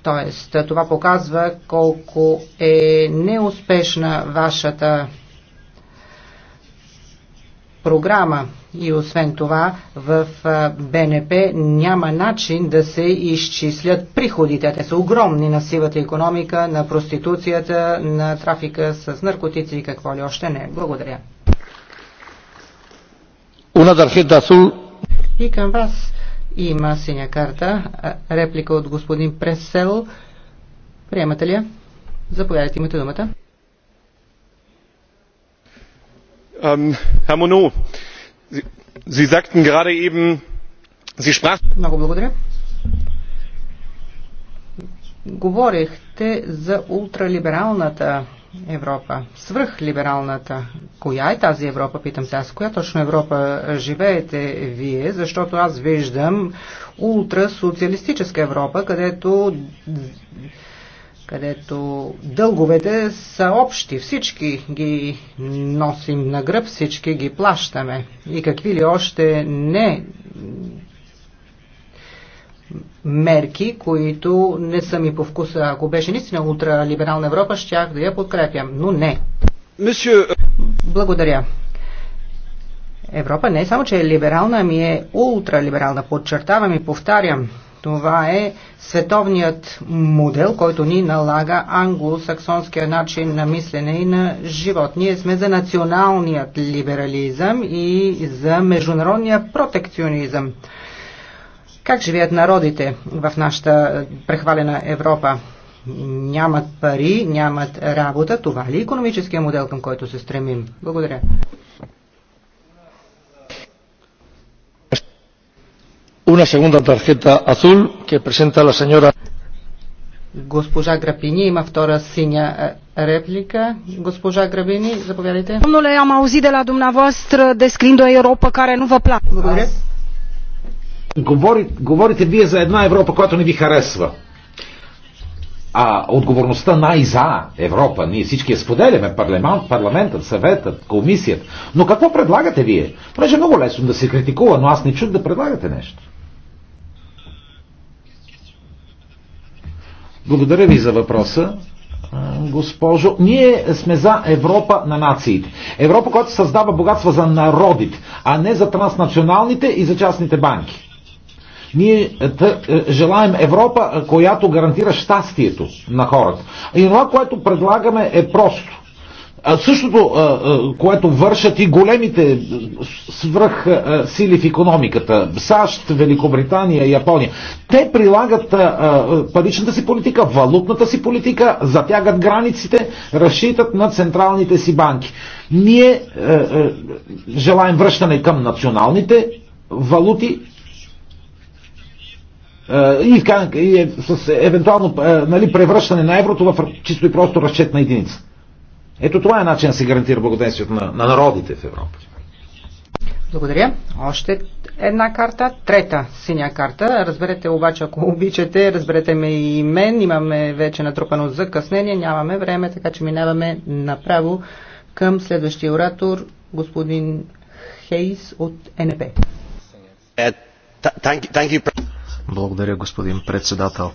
Тоест, това показва колко е неуспешна вашата програма. И освен това в БНП няма начин да се изчислят приходите. Те са огромни на сивата економика, на проституцията, на трафика с наркотици и какво ли още не. Благодаря. И към вас има синя карта. Реплика от господин Пресел. Приемате ли я? Заповядайте, имате думата. Ähm, herr monot sie sagten gerade eben sie sprachen говорихте за ултралибералната Европа, свръхлибералната. Коя е тази Европа, питам се аз? Коя точно Европа живеете вие? Защото аз виждам ултрасоциалистическа Европа, където където дълговете са общи, всички ги носим на гръб, всички ги плащаме. И какви ли още не мерки, които не са ми по вкуса. Ако беше наистина ултралиберална Европа, щях да я подкрепям, но не. Благодаря. Европа не е само, че е либерална, ами е ултралиберална. Подчертавам и повтарям. Това е световният модел, който ни налага англосаксонския начин на мислене и на живот. Ние сме за националният либерализъм и за международния протекционизъм. Как живеят народите в нашата прехвалена Европа? Нямат пари, нямат работа. Това ли е економическия модел, към който се стремим? Благодаря. una segunda tarjeta azul que presenta la señora. Госпожа Грабини има втора синя е, реплика. Госпожа Грабини, заповядайте. Domnule, am auzit de la dumneavoastră descriind o Europa care nu vă place. Говори, говорите вие за една Европа, която не ви харесва. А отговорността най-за Европа, ние всички я споделяме, парламент, парламентът, съветът, комисията. Но какво предлагате вие? Понеже е много лесно да се критикува, но аз не чух да предлагате нещо. Благодаря ви за въпроса, госпожо. Ние сме за Европа на нациите. Европа, която създава богатства за народите, а не за транснационалните и за частните банки. Ние е, е, желаем Европа, е, която гарантира щастието на хората. И това, което предлагаме е просто а същото, което вършат и големите свръх сили в економиката, САЩ, Великобритания, Япония, те прилагат паричната си политика, валутната си политика, затягат границите, разчитат на централните си банки. Ние желаем връщане към националните валути, и, е с евентуално нали, превръщане на еврото в чисто и просто разчетна единица. Ето това е начин да се гарантира благоденствието на, на народите в Европа. Благодаря. Още една карта, трета синя карта. Разберете обаче, ако обичате, разберете ме и мен. Имаме вече натрупано закъснение, нямаме време, така че минаваме направо към следващия оратор, господин Хейс от НП. Е, Благодаря, господин председател.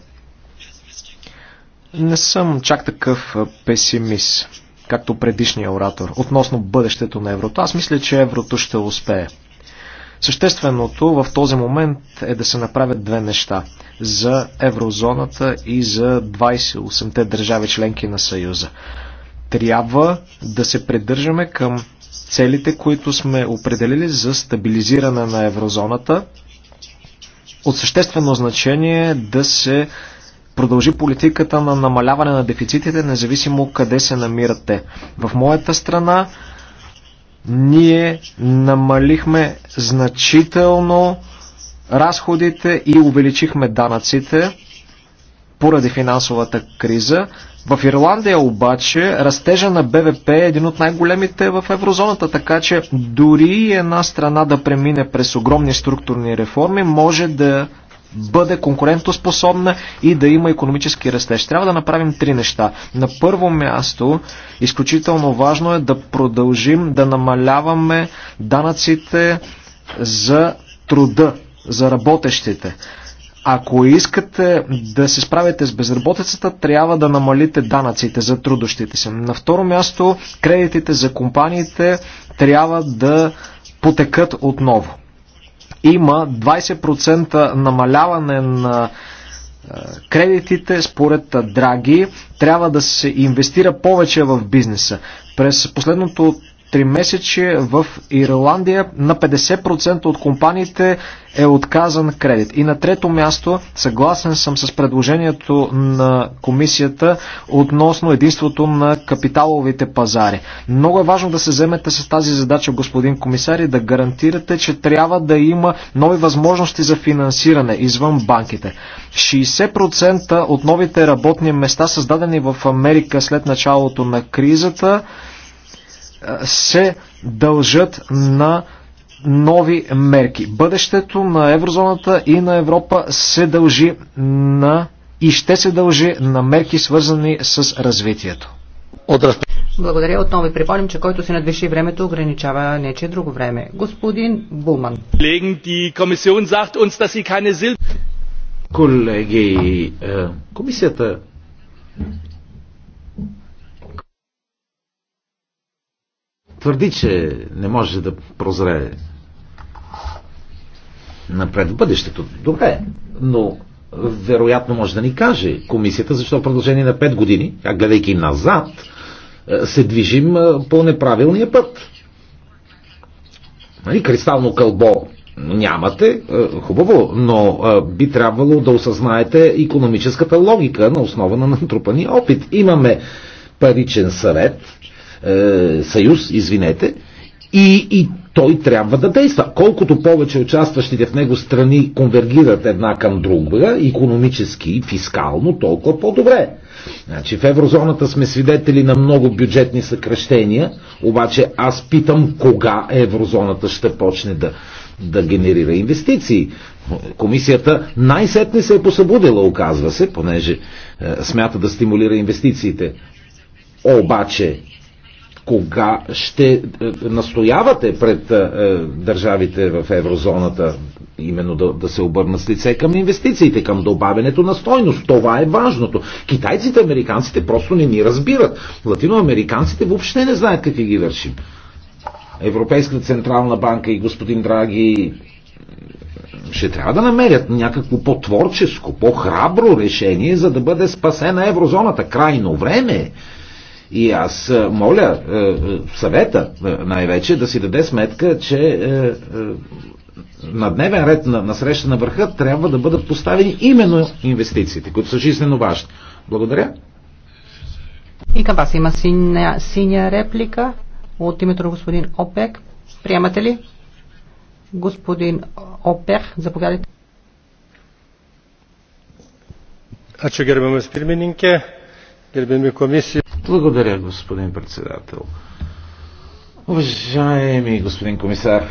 Не съм чак такъв песимист както предишния оратор, относно бъдещето на еврото. Аз мисля, че еврото ще успее. Същественото в този момент е да се направят две неща за еврозоната и за 28-те държави членки на Съюза. Трябва да се придържаме към целите, които сме определили за стабилизиране на еврозоната. От съществено значение е да се продължи политиката на намаляване на дефицитите, независимо къде се намират те. В моята страна ние намалихме значително разходите и увеличихме данъците поради финансовата криза. В Ирландия обаче растежа на БВП е един от най-големите в еврозоната, така че дори една страна да премине през огромни структурни реформи може да бъде конкурентоспособна и да има економически растеж. Трябва да направим три неща. На първо място, изключително важно е да продължим да намаляваме данъците за труда, за работещите. Ако искате да се справите с безработицата, трябва да намалите данъците за трудощите се. На второ място, кредитите за компаниите трябва да потекат отново има 20% намаляване на кредитите, според Драги, трябва да се инвестира повече в бизнеса. През последното тримесечие в Ирландия на 50% от компаниите е отказан кредит. И на трето място, съгласен съм с предложението на комисията относно единството на капиталовите пазари. Много е важно да се вземете с тази задача, господин комисар, и да гарантирате, че трябва да има нови възможности за финансиране извън банките. 60% от новите работни места, създадени в Америка след началото на кризата, се дължат на нови мерки. Бъдещето на еврозоната и на Европа се дължи на и ще се дължи на мерки свързани с развитието. Благодаря. Отново ви припомням, че който си надвиши времето, ограничава нече друго време. Господин Булман. Колеги, е, комисията твърди, че не може да прозрее напред в бъдещето. Добре, но вероятно може да ни каже комисията, защо в продължение на 5 години, гледайки назад, е, се движим е, по неправилния път. Нали, кристално кълбо нямате, е, хубаво, но би трябвало да осъзнаете економическата логика на основа на натрупани опит. Имаме паричен съвет, е, съюз, извинете, и, и той трябва да действа. Колкото повече участващите в него страни конвергират една към друга, економически и фискално, толкова по-добре. Значи в еврозоната сме свидетели на много бюджетни съкръщения, обаче аз питам кога еврозоната ще почне да, да генерира инвестиции. Комисията най-сетне се е посъбудила, оказва се, понеже е, смята да стимулира инвестициите. Обаче кога ще е, настоявате пред е, е, държавите в еврозоната именно да, да се обърнат с лице към инвестициите, към добавенето на стойност. Това е важното. Китайците, американците просто не ни разбират. Латиноамериканците въобще не знаят какви ги вършим. Европейската централна банка и господин Драги ще трябва да намерят някакво по-творческо, по-храбро решение, за да бъде спасена еврозоната. Крайно време е. И аз е, моля е, е, съвета най-вече да си даде сметка, че на дневен ред на, на среща на върха трябва да бъдат поставени именно инвестициите, които са жизненно важни. Благодаря. И към вас има синя, синя реплика от името на господин Опек. Приемате ли? Господин Опех, заповядайте. Ačiū gerbiamas pirmininkė. Гербеми комисия. Благодаря, господин председател. Уважаеми господин комисар,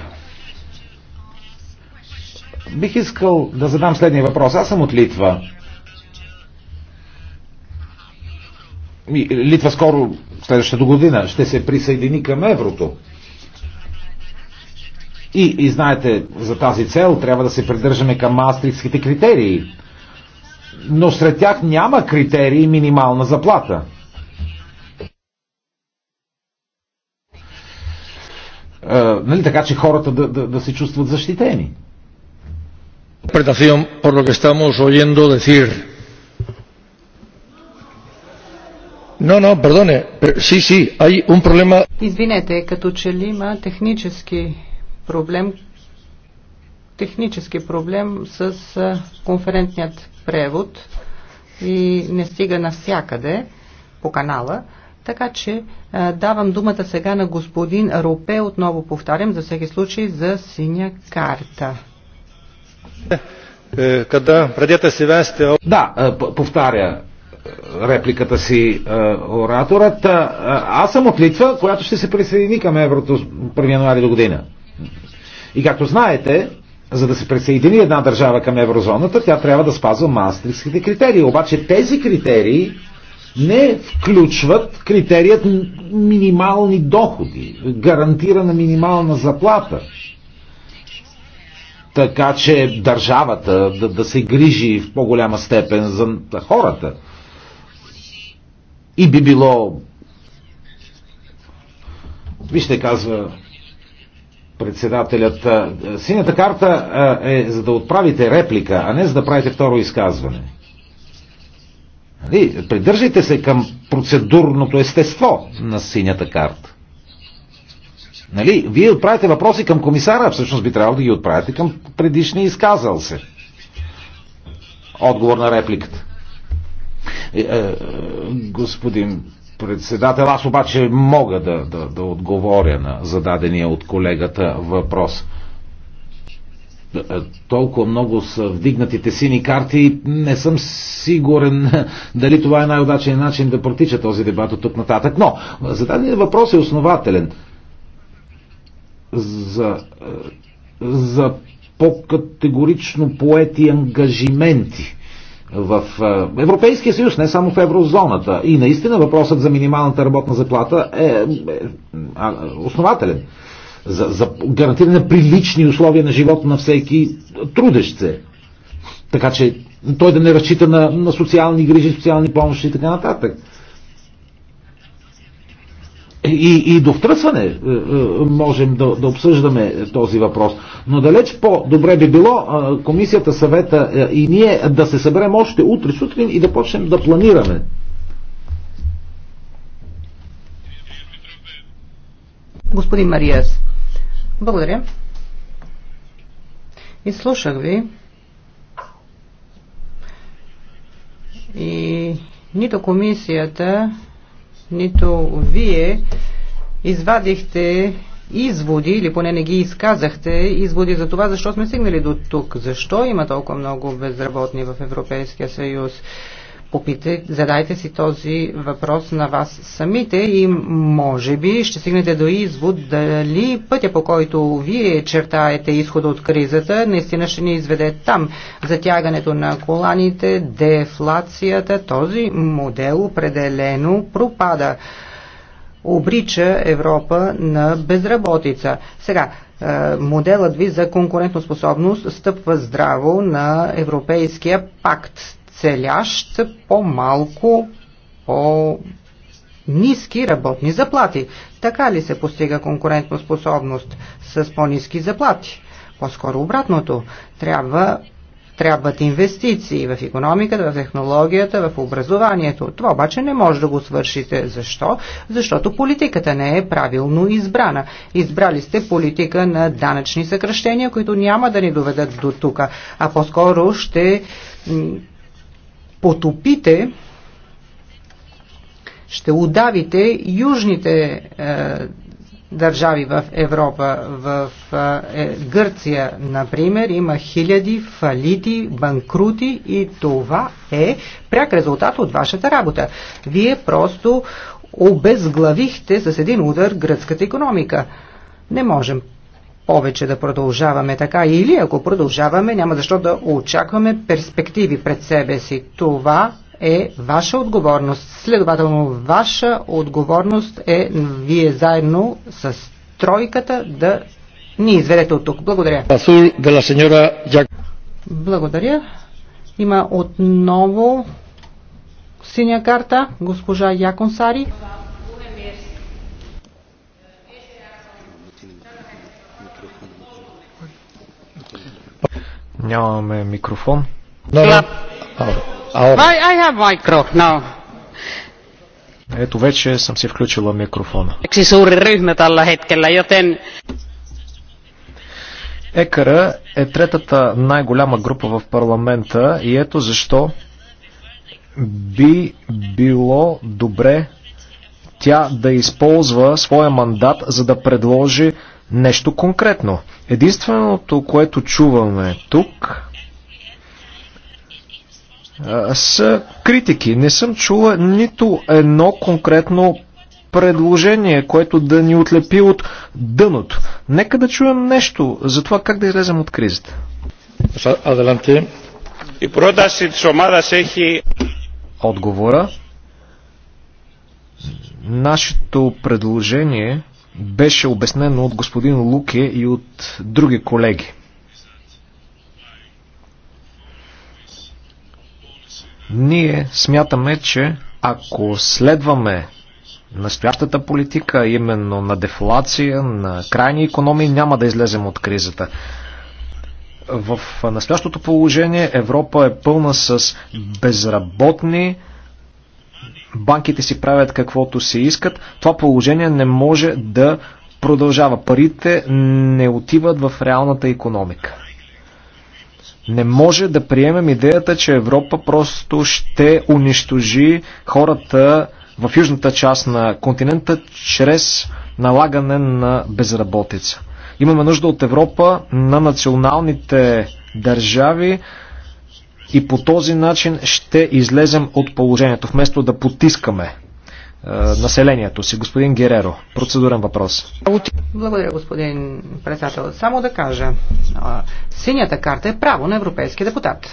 бих искал да задам следния въпрос. Аз съм от Литва. Литва скоро, следващата година, ще се присъедини към еврото. И, и знаете, за тази цел трябва да се придържаме към астрикските критерии но сред тях няма критерии минимална заплата. Е, нали, така че хората да, да, да се чувстват защитени. Interpretación по lo que estamos oyendo decir. No, no, perdone. Sí, sí, hay un problema. Извинете, като че ли има технически проблем, технически проблем с конферентният превод и не стига навсякъде по канала. Така че а, е, давам думата сега на господин Рупе, отново повтарям, за всеки случай за синя карта. Е, Когда предета си вести... Да, е, повтаря репликата си ораторът. Аз съм от Литва, която ще се присъедини към еврото 1 януари до година. И както знаете, за да се присъедини една държава към еврозоната, тя трябва да спазва мастрихските критерии. Обаче тези критерии не включват критерият минимални доходи, гарантирана минимална заплата. Така че държавата да, да се грижи в по-голяма степен за хората. И би било. Вижте, казва Председателят, синята карта е за да отправите реплика, а не за да правите второ изказване. Нали? придържайте се към процедурното естество на синята карта. Нали? Вие отправяте въпроси към комисара, всъщност би трябвало да ги отправяте към предишния изказал се. Отговор на репликата. Е, е, е господин председател. Аз обаче мога да, да, да отговоря на зададения от колегата въпрос. Е, е, толкова много са вдигнатите сини карти. Не съм сигурен е, дали това е най-удачен начин да протича този дебат от тук нататък. Но зададения въпрос е основателен. За, за по-категорично поети ангажименти в е, Европейския съюз, не само в еврозоната. И наистина въпросът за минималната работна заплата е, е, е основателен. За, за гарантиране на прилични условия на живота на всеки трудещ се. Така че той да не разчита на, на социални грижи, социални помощи и така нататък. И, и до втръсване е, е, можем да, да обсъждаме този въпрос. Но далеч по-добре би било е, комисията, съвета и ние да се съберем още утре сутрин и да почнем да планираме. Господин Мариес, благодаря. И слушах ви. И нито комисията, нито вие извадихте изводи, или поне не ги изказахте, изводи за това, защо сме стигнали до тук, защо има толкова много безработни в Европейския съюз попите, задайте си този въпрос на вас самите и може би ще стигнете до извод дали пътя по който вие чертаете изхода от кризата наистина ще ни изведе там. Затягането на коланите, дефлацията, този модел определено пропада. Обрича Европа на безработица. Сега, е, моделът ви за конкурентоспособност стъпва здраво на Европейския пакт целящ по-малко, по ниски работни заплати. Така ли се постига конкурентоспособност с по-низки заплати? По-скоро обратното. Трябва Трябват инвестиции в економиката, в технологията, в образованието. Това обаче не може да го свършите. Защо? Защото политиката не е правилно избрана. Избрали сте политика на данъчни съкръщения, които няма да ни доведат до тук, а по-скоро ще потопите, ще удавите южните е, държави в Европа. В е, Гърция, например, има хиляди фалити, банкрути и това е пряк резултат от вашата работа. Вие просто обезглавихте с един удар гръцката економика. Не можем повече да продължаваме така или ако продължаваме, няма защо да очакваме перспективи пред себе си. Това е ваша отговорност. Следователно, ваша отговорност е вие заедно с тройката да ни изведете от тук. Благодаря. Благодаря. Има отново синя карта госпожа Яконсари. Нямаме микрофон. I, I have now. Ето вече съм си включила микрофона. Екара е третата най-голяма група в парламента и ето защо би било добре тя да използва своя мандат, за да предложи нещо конкретно. Единственото, което чуваме тук, са критики. Не съм чула нито едно конкретно предложение, което да ни отлепи от дъното. Нека да чуем нещо за това как да излезем от кризата. Адаланте. И πρόταση της ομάδας Отговора. Нашето предложение беше обяснено от господин Луке и от други колеги. Ние смятаме, че ако следваме настоящата политика, именно на дефлация, на крайни економии, няма да излезем от кризата. В настоящото положение Европа е пълна с безработни, банките си правят каквото си искат. Това положение не може да продължава. Парите не отиват в реалната економика. Не може да приемем идеята, че Европа просто ще унищожи хората в южната част на континента чрез налагане на безработица. Имаме нужда от Европа на националните държави, и по този начин ще излезем от положението, вместо да потискаме е, населението си. Господин Гереро, процедурен въпрос. Благодаря, господин председател. Само да кажа, синята карта е право на европейски депутат.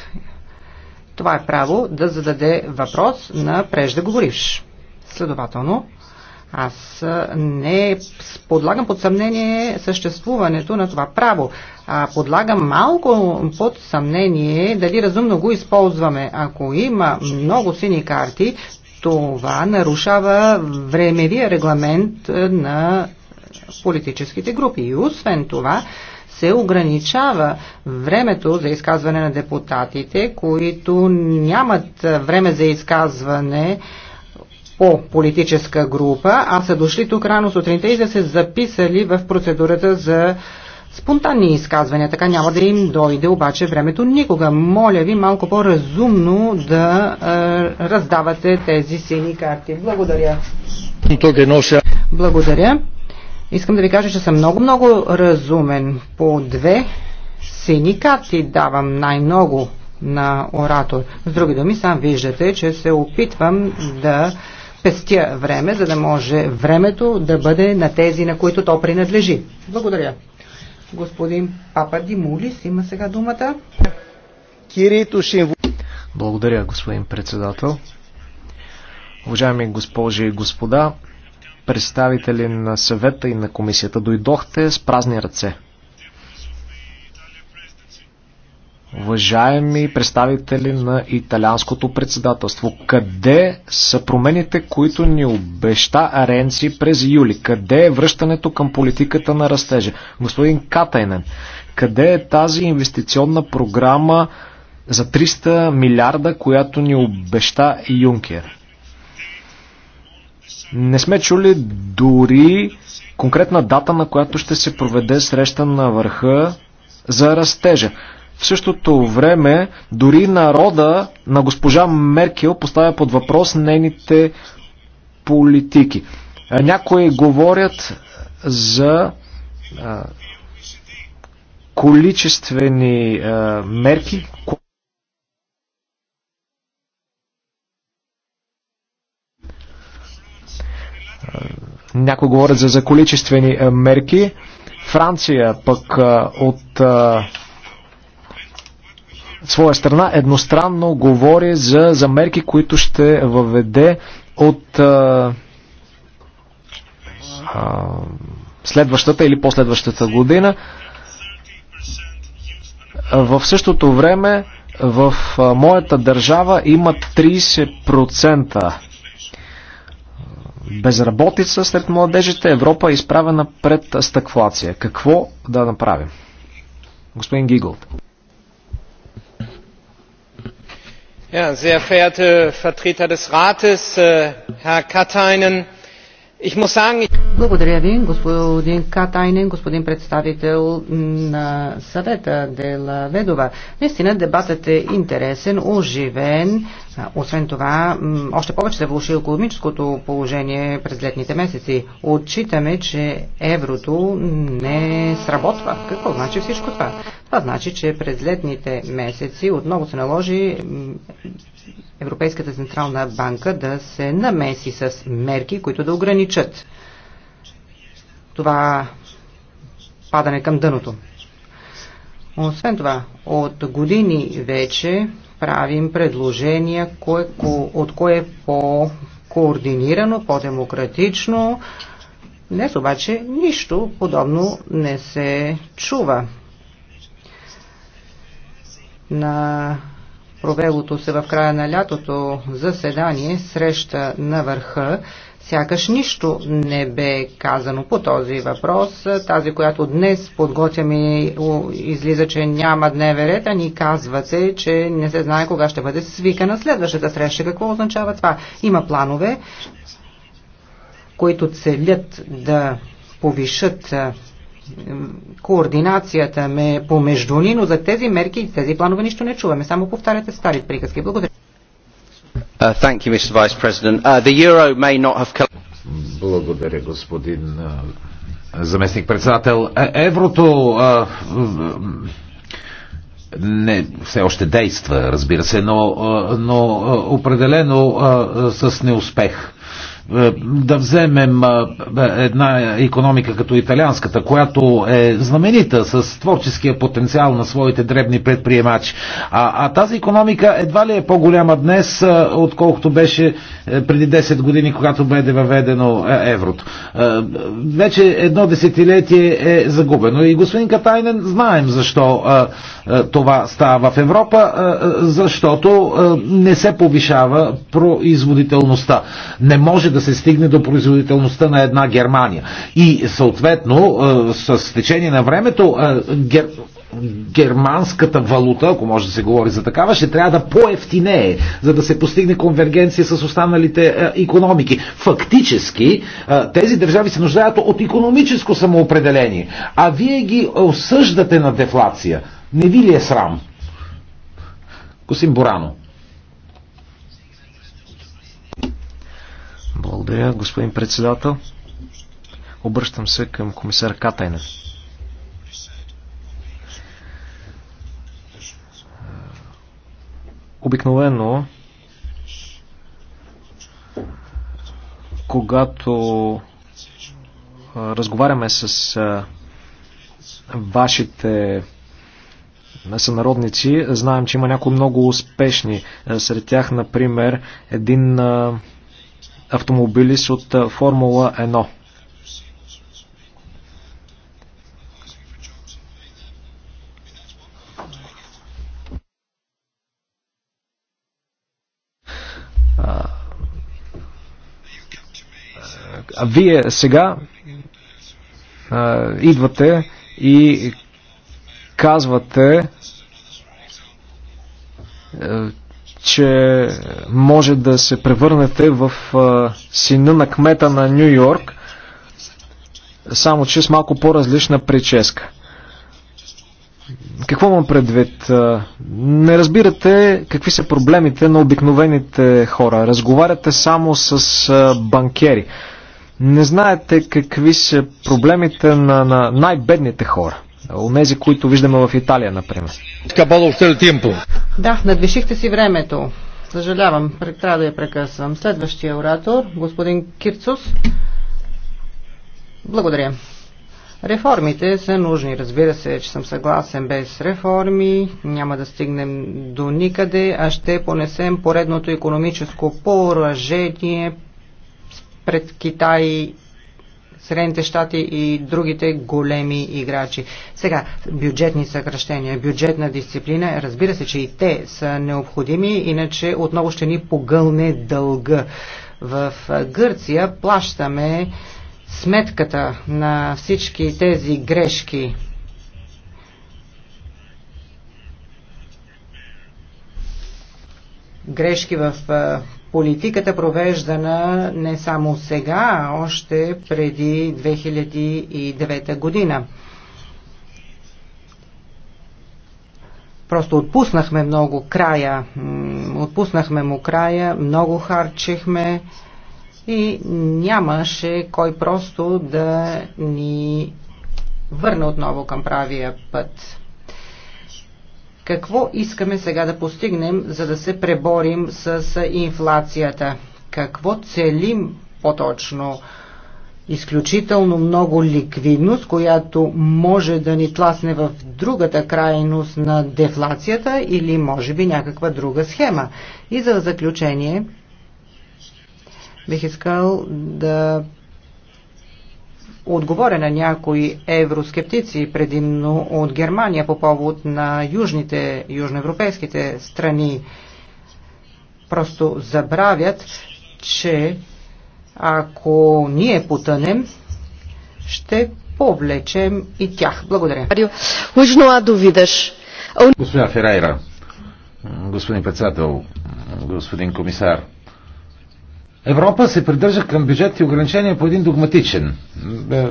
Това е право да зададе въпрос на преждеговоривш. Следователно, аз не подлагам под съмнение съществуването на това право, а подлагам малко под съмнение дали разумно го използваме. Ако има много сини карти, това нарушава времевия регламент на политическите групи. И освен това, се ограничава времето за изказване на депутатите, които нямат време за изказване по политическа група, а са дошли тук рано сутринта и да се записали в процедурата за спонтанни изказвания. Така няма да им дойде обаче времето никога. Моля ви малко по-разумно да е, раздавате тези сини карти. Благодаря. Благодаря. Искам да ви кажа, че съм много-много разумен. По две сини карти давам най-много на оратор. С други думи, сам виждате, че се опитвам да спестя време, за да може времето да бъде на тези, на които то принадлежи. Благодаря. Господин Папа Димулис има сега думата. Благодаря, господин председател. Уважаеми госпожи и господа, представители на съвета и на комисията, дойдохте с празни ръце. уважаеми представители на италианското председателство, къде са промените, които ни обеща Аренци през юли? Къде е връщането към политиката на растежа? Господин Катайнен, къде е тази инвестиционна програма за 300 милиарда, която ни обеща Юнкер? Не сме чули дори конкретна дата, на която ще се проведе среща на върха за растежа. В същото време дори народа на госпожа Меркел поставя под въпрос нейните политики. Някои говорят за а, количествени а, мерки. Някои говорят за, за количествени а, мерки. Франция пък а, от а, своя страна едностранно говори за, за мерки, които ще въведе от а, а, следващата или последващата година. В същото време в а, моята държава има 30% безработица сред младежите. Европа е изправена пред стъкфлация. Какво да направим? Господин Гигълт. sehr verehrte vertreter des rates herr katainen! Благодаря ви, господин Катайнен, господин представител на съвета Дела Ведова. Наистина дебатът е интересен, оживен. Освен това, още повече се влуши економическото положение през летните месеци. Отчитаме, че еврото не сработва. Какво значи всичко това? Това значи, че през летните месеци отново се наложи Европейската централна банка да се намеси с мерки, които да ограничат това падане към дъното. Освен това, от години вече правим предложения, кое, ко, от кое е по-координирано, по-демократично. Днес обаче нищо подобно не се чува. На провелото се в края на лятото заседание, среща на върха, сякаш нищо не бе казано по този въпрос. Тази, която днес подготвяме, излиза, че няма дневен ред, а ни казвате, че не се знае кога ще бъде свикана следващата среща. Какво означава това? Има планове, които целят да повишат координацията ме помежду ни, но за тези мерки и тези планове нищо не чуваме. Само повтаряте стари приказки. Благодаря. Uh, thank you, Mr. Vice President. Uh, the euro may not have... Благодаря, господин uh, заместник председател. Е, еврото а, uh, не все още действа, разбира се, но, uh, но определено а, с неуспех. Е, да вземем е, една економика като италианската, която е знаменита с творческия потенциал на своите дребни предприемачи. А, а тази економика едва ли е по-голяма днес, е, отколкото беше преди 10 години, когато бъде въведено еврото. Вече едно десетилетие е загубено. И господин Катайнен, знаем защо това става в Европа, защото не се повишава производителността. Не може да се стигне до производителността на една Германия. И съответно, е, с течение на времето, е, гер германската валута, ако може да се говори за такава, ще трябва да поевтинее, за да се постигне конвергенция с останалите економики. Фактически, е, тези държави се нуждаят от економическо самоопределение, а вие ги осъждате на дефлация. Не ви ли е срам? Косим Борано. Благодаря, господин председател. Обръщам се към комисар Катайна. Обикновено, когато разговаряме с вашите сънародници, знаем, че има някои много успешни. Сред тях, например, един автомобилист от Формула 1. А вие сега а, идвате и казвате, че може да се превърнете в сина на кмета на Нью Йорк, само че с малко по-различна прическа. Какво имам предвид? Не разбирате какви са проблемите на обикновените хора. Разговаряте само с банкери. Не знаете какви са проблемите на, на най-бедните хора. Онези, които виждаме в Италия, например. Да, надвишихте си времето. Съжалявам, трябва да я прекъсвам. Следващия оратор, господин Кирцус. Благодаря. Реформите са нужни, разбира се, че съм съгласен. Без реформи няма да стигнем до никъде, а ще понесем поредното економическо поражение пред Китай Съединените щати и другите големи играчи. Сега, бюджетни съкръщения, бюджетна дисциплина, разбира се, че и те са необходими, иначе отново ще ни погълне дълга. В Гърция плащаме сметката на всички тези грешки. Грешки в политиката провеждана не само сега, а още преди 2009 година. Просто отпуснахме много края, отпуснахме му края, много харчехме и нямаше кой просто да ни върне отново към правия път. Какво искаме сега да постигнем, за да се преборим с инфлацията? Какво целим по-точно? изключително много ликвидност, която може да ни тласне в другата крайност на дефлацията или може би някаква друга схема. И за заключение бих искал да отговоря на някои евроскептици, предимно от Германия по повод на южните, южноевропейските страни. Просто забравят, че ако ние потънем, ще повлечем и тях. Благодаря. Господин Ферайра, господин председател, господин комисар, Европа се придържа към бюджет и ограничения по един догматичен, е,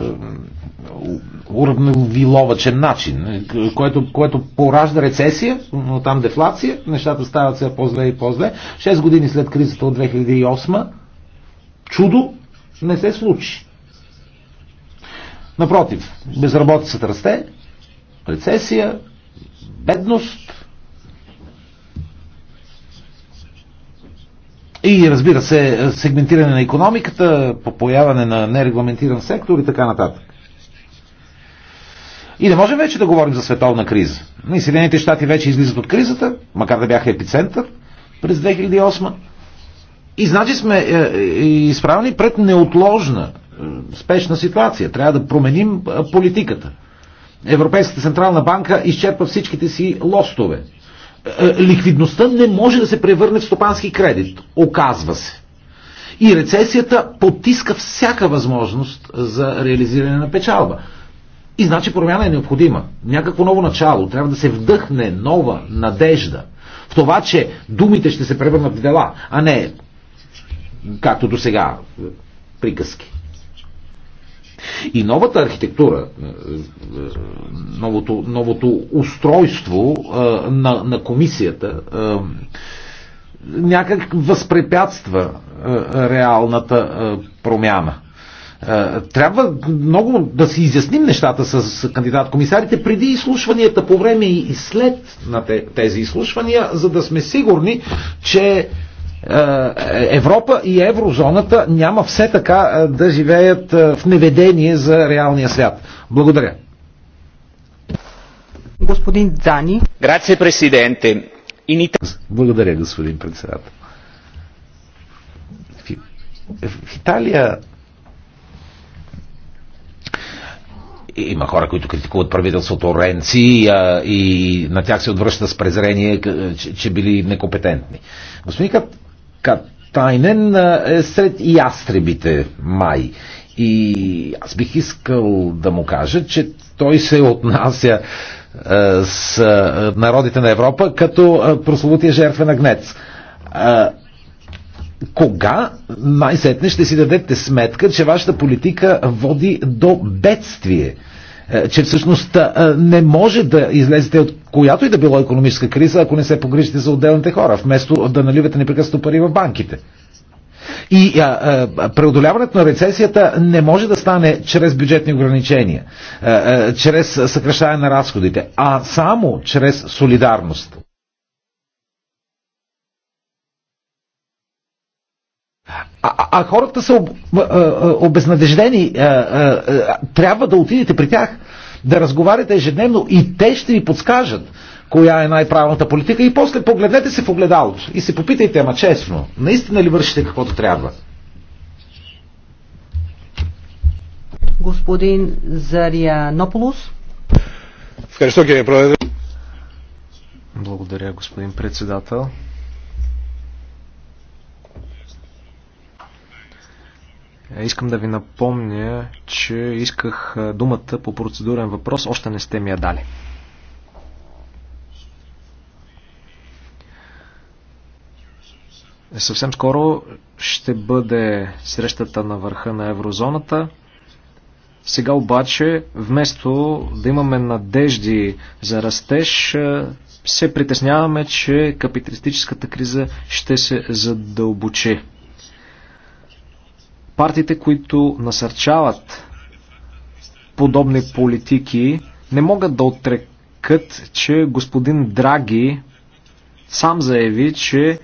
уравновиловачен начин, което, което поражда рецесия, но там дефлация, нещата стават все по-зле и по-зле. Шест години след кризата от 2008 чудо не се случи. Напротив, безработицата расте, рецесия, бедност, И разбира се, сегментиране на економиката, попояване на нерегламентиран сектор и така нататък. И не можем вече да говорим за световна криза. И нали, Съединените щати вече излизат от кризата, макар да бяха епицентър през 2008. И значи сме е, е, изправени пред неотложна, е, спешна ситуация. Трябва да променим политиката. Европейската централна банка изчерпа всичките си лостове. Е, е, ликвидността не може да се превърне в стопански кредит. Оказва се. И рецесията потиска всяка възможност за реализиране на печалба. И значи промяна е необходима. Някакво ново начало. Трябва да се вдъхне нова надежда. В това, че думите ще се превърнат в дела, а не както до сега е, приказки. И новата архитектура, е, е, новото, новото устройство е, на, на комисията някак възпрепятства реалната промяна. Трябва много да си изясним нещата с кандидат-комисарите преди изслушванията, по време и след на тези изслушвания, за да сме сигурни, че е, Европа и еврозоната няма все така е, да живеят е, в неведение за реалния свят. Благодаря. Господин Дзани. Грация, президенте. Благодаря, господин председател. В Италия има хора, които критикуват правителството Ренци а, и на тях се отвръща с презрение, че, че били некомпетентни. Господин Кат, Катайнен е сред ястребите май. И аз бих искал да му кажа, че той се отнася с народите на Европа като прословутия жертва на Гнец. Кога най-сетне ще си дадете сметка, че вашата политика води до бедствие? Е, че всъщност е, е, не може да излезете от която и да било економическа криза, ако не се погрижите за отделните хора, вместо да наливате непрекъснато пари в банките. И а, а, преодоляването на рецесията не може да стане чрез бюджетни ограничения, а, а, чрез съкръщаване на разходите, а само чрез солидарност. А, а, а хората са об, а, а, обезнадеждени. А, а, а, трябва да отидете при тях, да разговаряте ежедневно и те ще ви подскажат коя е най-правилната политика и после погледнете се в огледалото и се попитайте, ама честно, наистина ли вършите каквото трябва? Господин Зарианополус. Благодаря, господин председател. Искам да ви напомня, че исках думата по процедурен въпрос, още не сте ми я дали. Съвсем скоро ще бъде срещата на върха на еврозоната. Сега обаче, вместо да имаме надежди за растеж, се притесняваме, че капиталистическата криза ще се задълбочи. Партиите, които насърчават подобни политики, не могат да отрекат, че господин Драги сам заяви, че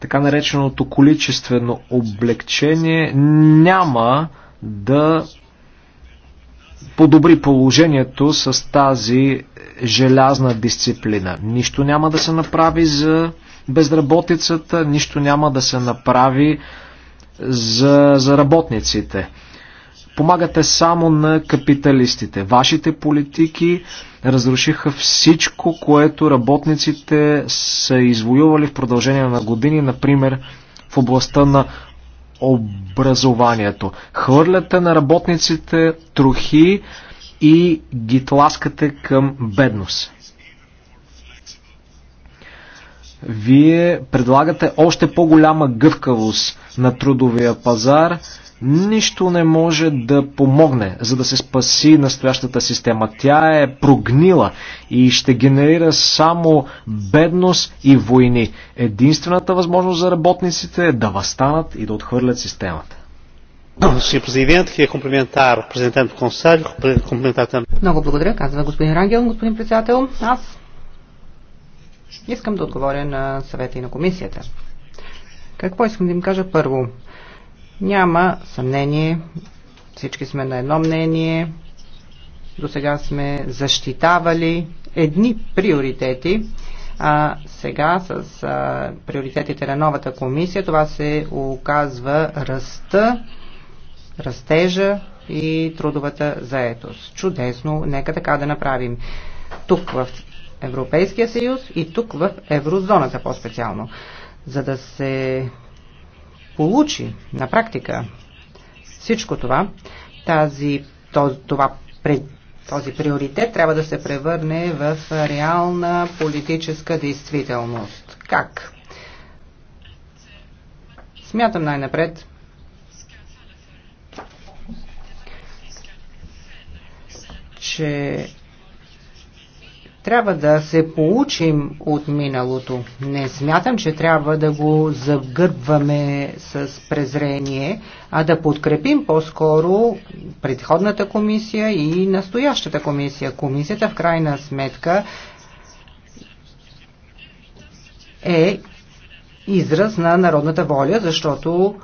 така нареченото количествено облегчение няма да подобри положението с тази желязна дисциплина. Нищо няма да се направи за безработицата, нищо няма да се направи за, за работниците. Помагате само на капиталистите. Вашите политики разрушиха всичко, което работниците са извоювали в продължение на години, например в областта на образованието. Хвърляте на работниците трохи и ги тласкате към бедност. Вие предлагате още по-голяма гъвкавост на трудовия пазар. Нищо не може да помогне, за да се спаси настоящата система. Тя е прогнила и ще генерира само бедност и войни. Единствената възможност за работниците е да възстанат и да отхвърлят системата. Много благодаря, казва господин Рангел, господин председател. Аз Искам да отговоря на съвета и на комисията. Какво искам да им кажа първо? Няма съмнение, всички сме на едно мнение, до сега сме защитавали едни приоритети, а сега с а, приоритетите на новата комисия това се оказва ръста, растежа и трудовата заетост. Чудесно, нека така да направим. Тук в Европейския съюз и тук в еврозоната по-специално. За да се получи на практика всичко това, тази, този, това, този приоритет трябва да се превърне в реална политическа действителност. Как? Смятам най-напред, че трябва да се получим от миналото. Не смятам, че трябва да го загърбваме с презрение, а да подкрепим по-скоро предходната комисия и настоящата комисия. Комисията в крайна сметка е израз на народната воля, защото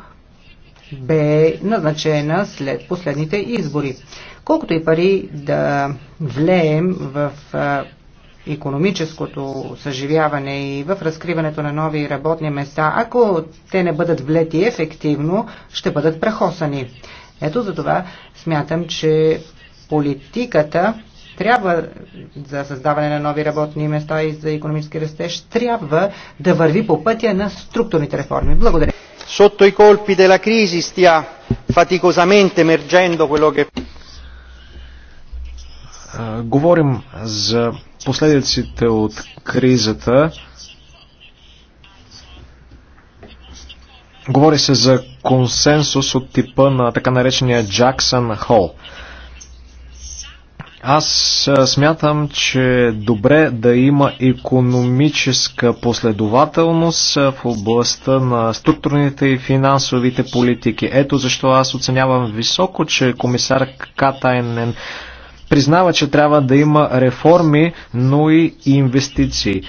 бе назначена след последните избори. Колкото и пари да влеем в економическото съживяване и в разкриването на нови работни места, ако те не бъдат влети ефективно, ще бъдат прахосани. Ето за това смятам, че политиката трябва за създаване на нови работни места и за економически растеж, трябва да върви по пътя на структурните реформи. Благодаря. Sotto i colpi della crisi stia faticosamente emergendo quello che... Говорим за последиците от кризата. Говори се за консенсус от типа на така наречения Джаксън Хол. Аз смятам, че е добре да има економическа последователност в областта на структурните и финансовите политики. Ето защо аз оценявам високо, че комисар Катайнен признава, че трябва да има реформи, но и инвестиции.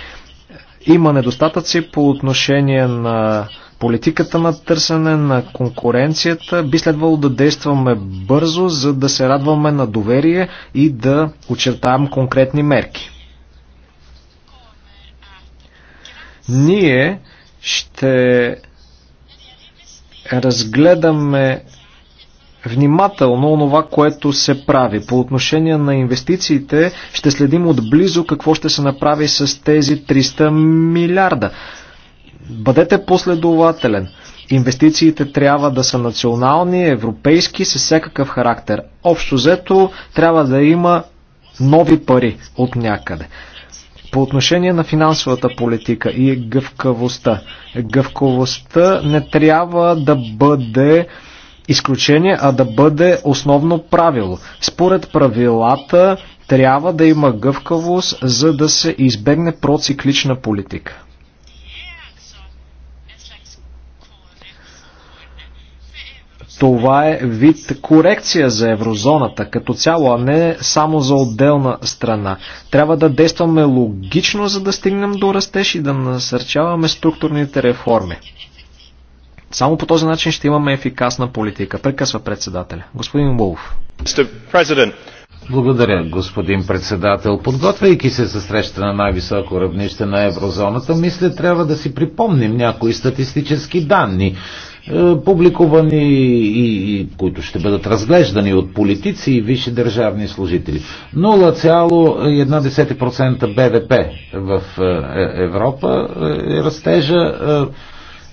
Има недостатъци по отношение на политиката на търсене, на конкуренцията. Би следвало да действаме бързо, за да се радваме на доверие и да очертаем конкретни мерки. Ние ще разгледаме внимателно това, което се прави. По отношение на инвестициите ще следим отблизо какво ще се направи с тези 300 милиарда. Бъдете последователен. Инвестициите трябва да са национални, европейски, с всякакъв характер. Общо взето трябва да има нови пари от някъде. По отношение на финансовата политика и гъвкавостта. Гъвкавостта не трябва да бъде изключение, а да бъде основно правило. Според правилата трябва да има гъвкавост, за да се избегне проциклична политика. Това е вид корекция за еврозоната като цяло, а не само за отделна страна. Трябва да действаме логично, за да стигнем до растеж и да насърчаваме структурните реформи. Само по този начин ще имаме ефикасна политика. Прекъсва председателя. Господин Волф. Благодаря, господин председател. Подготвяйки се за среща на най-високо равнище на еврозоната, мисля, трябва да си припомним някои статистически данни, е, публикувани и, и които ще бъдат разглеждани от политици и висши държавни служители. 0,1% БВП в е, Европа е, е растежа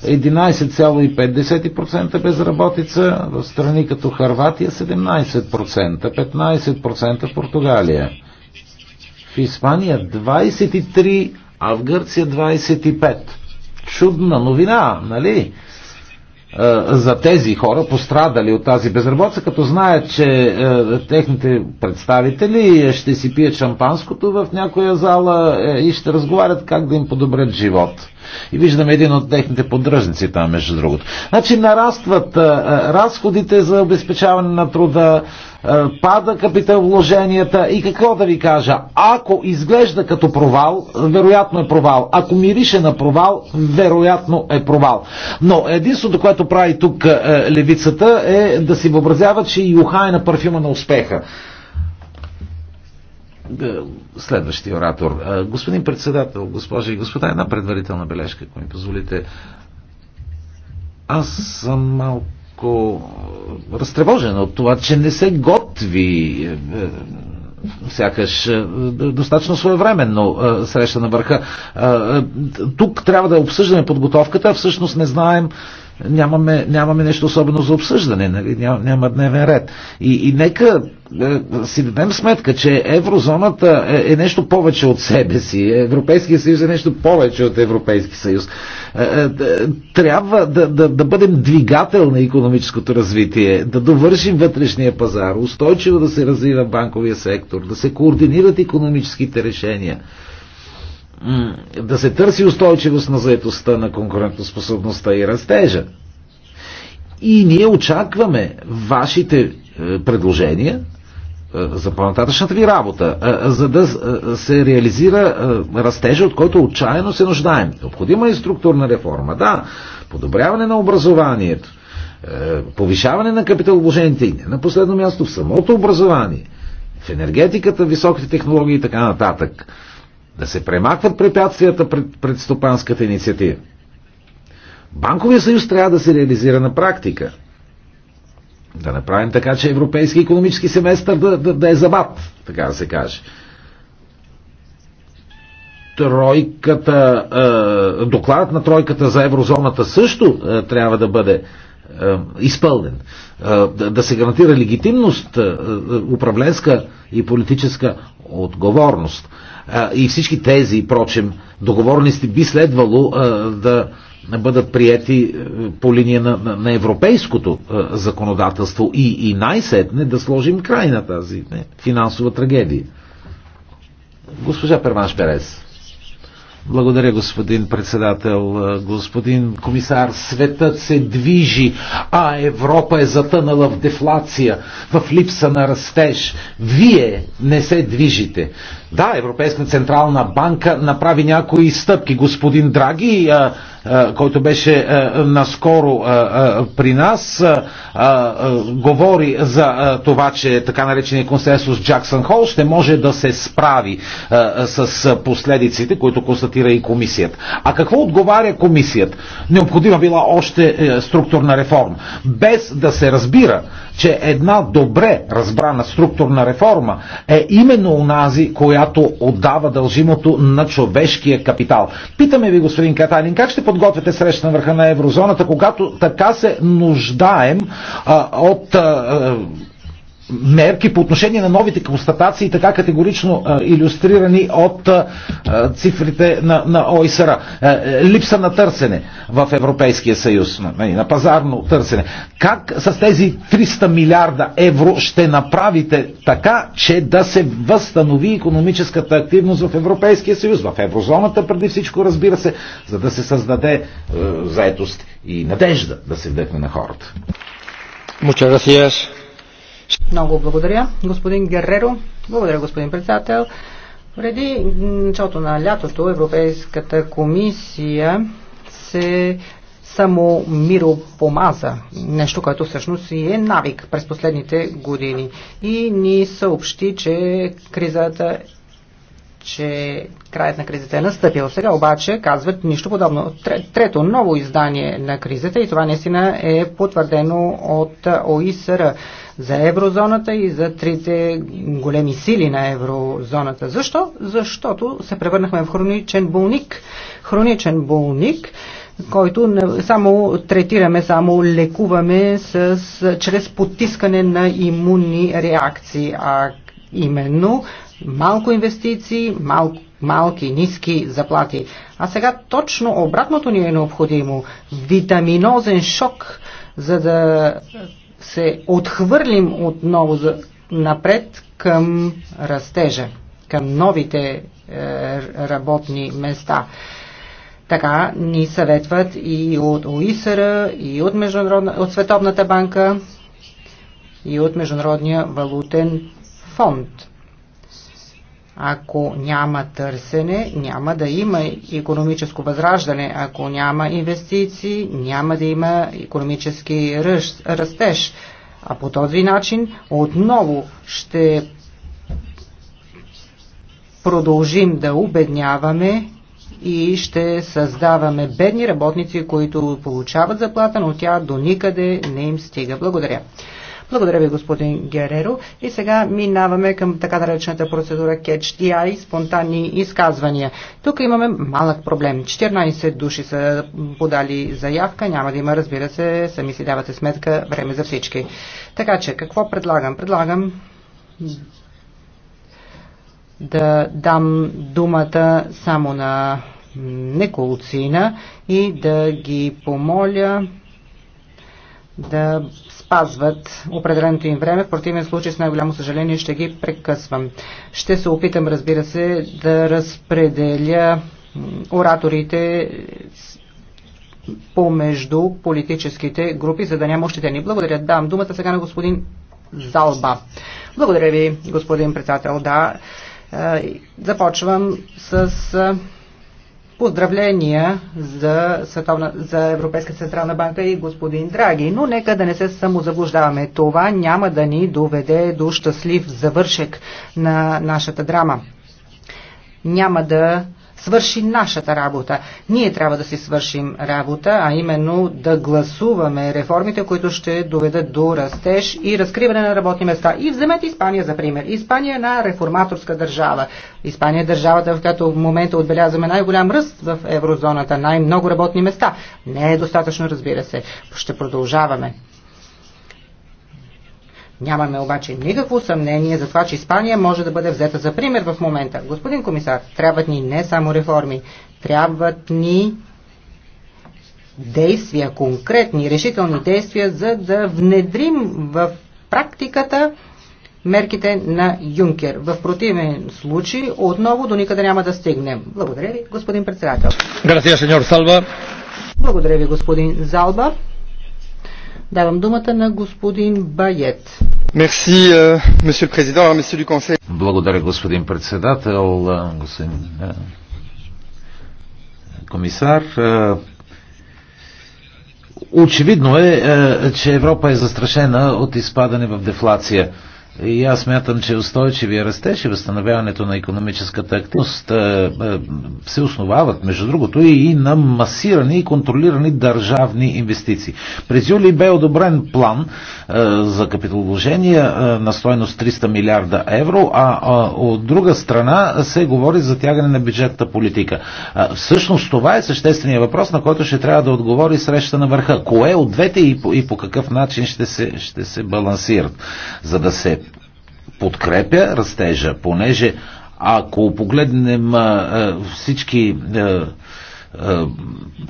11,5% безработица, в страни като Харватия 17%, 15% в Португалия, в Испания 23%, а в Гърция 25%. Чудна новина, нали? Е, за тези хора, пострадали от тази безработица, като знаят, че е, техните представители ще си пият шампанското в някоя зала е, и ще разговарят как да им подобрят живот. И виждаме един от техните поддръжници там, между другото. Значи нарастват разходите за обезпечаване на труда, пада капитал вложенията и какво да ви кажа, ако изглежда като провал, вероятно е провал. Ако мирише на провал, вероятно е провал. Но единството, което прави тук левицата е да си въобразява, че и уха е на парфюма на успеха. Следващия оратор. Господин председател, госпожи и господа, една предварителна бележка, ако ми позволите. Аз съм малко разтревожен от това, че не се готви е, е, сякаш е, достатъчно своевременно среща на върха. Тук трябва да обсъждаме подготовката, а всъщност не знаем нямаме, нямаме нещо особено за обсъждане, нали? няма, няма дневен ред. И, и нека е, си дадем сметка, че еврозоната е, е нещо повече от себе си, Европейския съюз е нещо повече от Европейски съюз. Е, е, е трябва да, да, да бъдем двигател на економическото развитие, да довършим вътрешния пазар, устойчиво да се развива банковия сектор, да се координират економическите решения да се търси устойчивост на заетостта, на конкурентоспособността и растежа. И ние очакваме вашите е, предложения е, за по-нататъчната ви работа, е, за да се реализира растежа, от който отчаяно се нуждаем. Необходима е структурна реформа, да, подобряване на образованието, повишаване на капиталовложените и не на последно място в самото образование, в енергетиката, високите технологии и така нататък да се премахват препятствията пред, пред стопанската инициатива. Банковия съюз трябва да се реализира на практика. Да направим така, че европейски економически семестър да, да, да е забат, така да се каже. Тройката, е, докладът на тройката за еврозоната също е, трябва да бъде е, изпълнен. Е, да се гарантира легитимност, е, управленска и политическа отговорност. И всички тези, прочим, договорности би следвало да бъдат прияти по линия на, на, на европейското законодателство и, и най-сетне да сложим край на тази не, финансова трагедия. Госпожа Перванш Перес. Благодаря, господин председател. Господин комисар, светът се движи, а Европа е затънала в дефлация, в липса на растеж. Вие не се движите. Да, Европейска централна банка направи някои стъпки. Господин Драги който беше наскоро при нас, говори за това, че така наречения консенсус Джаксън Хол ще може да се справи с последиците, които констатира и комисията. А какво отговаря комисията? Необходима била още е, структурна реформа. Без да се разбира че една добре разбрана структурна реформа е именно унази, която отдава дължимото на човешкия капитал. Питаме ви, господин Катанин, как ще подготвяте среща на върха на еврозоната, когато така се нуждаем а, от а, мерки по отношение на новите констатации, така категорично а, иллюстрирани от а, цифрите на, на ОИСР. Е, липса на търсене в Европейския съюз, на, на пазарно търсене. Как с тези 300 милиарда евро ще направите така, че да се възстанови економическата активност в Европейския съюз, в еврозоната преди всичко, разбира се, за да се създаде е, заетост и надежда да се вдъхне на хората? Muchas gracias. Много благодаря, господин Герреро. Благодаря, господин председател. Преди началото на лятото Европейската комисия се само миропомаза, нещо, което всъщност и е навик през последните години. И ни съобщи, че кризата че краят на кризата е настъпил. Сега обаче казват нищо подобно. Трето, ново издание на кризата и това наистина е потвърдено от ОИСР за еврозоната и за трите големи сили на еврозоната. Защо? Защото се превърнахме в хроничен болник. Хроничен болник, който само третираме, само лекуваме с, чрез потискане на имунни реакции. А именно малко инвестиции, мал, малки, ниски заплати. А сега точно обратното ни е необходимо. Витаминозен шок, за да се отхвърлим отново напред към растежа, към новите е, работни места. Така ни съветват и от ОИСР, и от, от Световната банка, и от Международния валутен фонд. Ако няма търсене, няма да има економическо възраждане. Ако няма инвестиции, няма да има економически растеж. А по този начин отново ще продължим да обедняваме и ще създаваме бедни работници, които получават заплата, но тя до никъде не им стига. Благодаря. Благодаря ви, господин Гереро. И сега минаваме към така наречената процедура Catch TI, спонтанни изказвания. Тук имаме малък проблем. 14 души са подали заявка, няма да има, разбира се, сами си давате сметка, време за всички. Така че, какво предлагам? Предлагам да дам думата само на Неколцина и да ги помоля да спазват определеното им време. В противен случай, с най-голямо съжаление, ще ги прекъсвам. Ще се опитам, разбира се, да разпределя ораторите помежду политическите групи, за да няма още ни. Благодаря. Дам думата сега на господин Залба. Благодаря ви, господин председател. Да, е, започвам с е, Поздравления за, Световна, за Европейска Централна банка и господин Драги, но нека да не се самозаблуждаваме. Това няма да ни доведе до щастлив завършек на нашата драма. Няма да свърши нашата работа. Ние трябва да си свършим работа, а именно да гласуваме реформите, които ще доведат до растеж и разкриване на работни места. И вземете Испания за пример. Испания е една реформаторска държава. Испания е държавата, в която в момента отбелязваме най-голям ръст в еврозоната, най-много работни места. Не е достатъчно, разбира се. Ще продължаваме. Нямаме обаче никакво съмнение за това, че Испания може да бъде взета за пример в момента. Господин комисар, трябват ни не само реформи, трябват ни действия, конкретни, решителни действия, за да внедрим в практиката мерките на Юнкер. В противен случай отново до никъде няма да стигнем. Благодаря ви, господин председател. Благодаря, сеньор Салба. Благодаря ви, господин Залба. Давам думата на господин Байет. Мерси, месье президент, месье консей. Благодаря, господин председател, господин комисар. Очевидно е, че Европа е застрашена от изпадане в дефлация. И аз смятам, че устойчивия растеж и възстановяването на економическата активност е, е, се основават, между другото, и на масирани и контролирани държавни инвестиции. През юли бе одобрен план е, за капиталовложения на стойност 300 милиарда евро, а от друга страна се говори за тягане на бюджетната политика. Всъщност това е същественият въпрос, на който ще трябва да отговори среща на върха. Кое от двете и по, и по какъв начин ще се, ще се балансират, за да се подкрепя растежа, понеже ако погледнем всички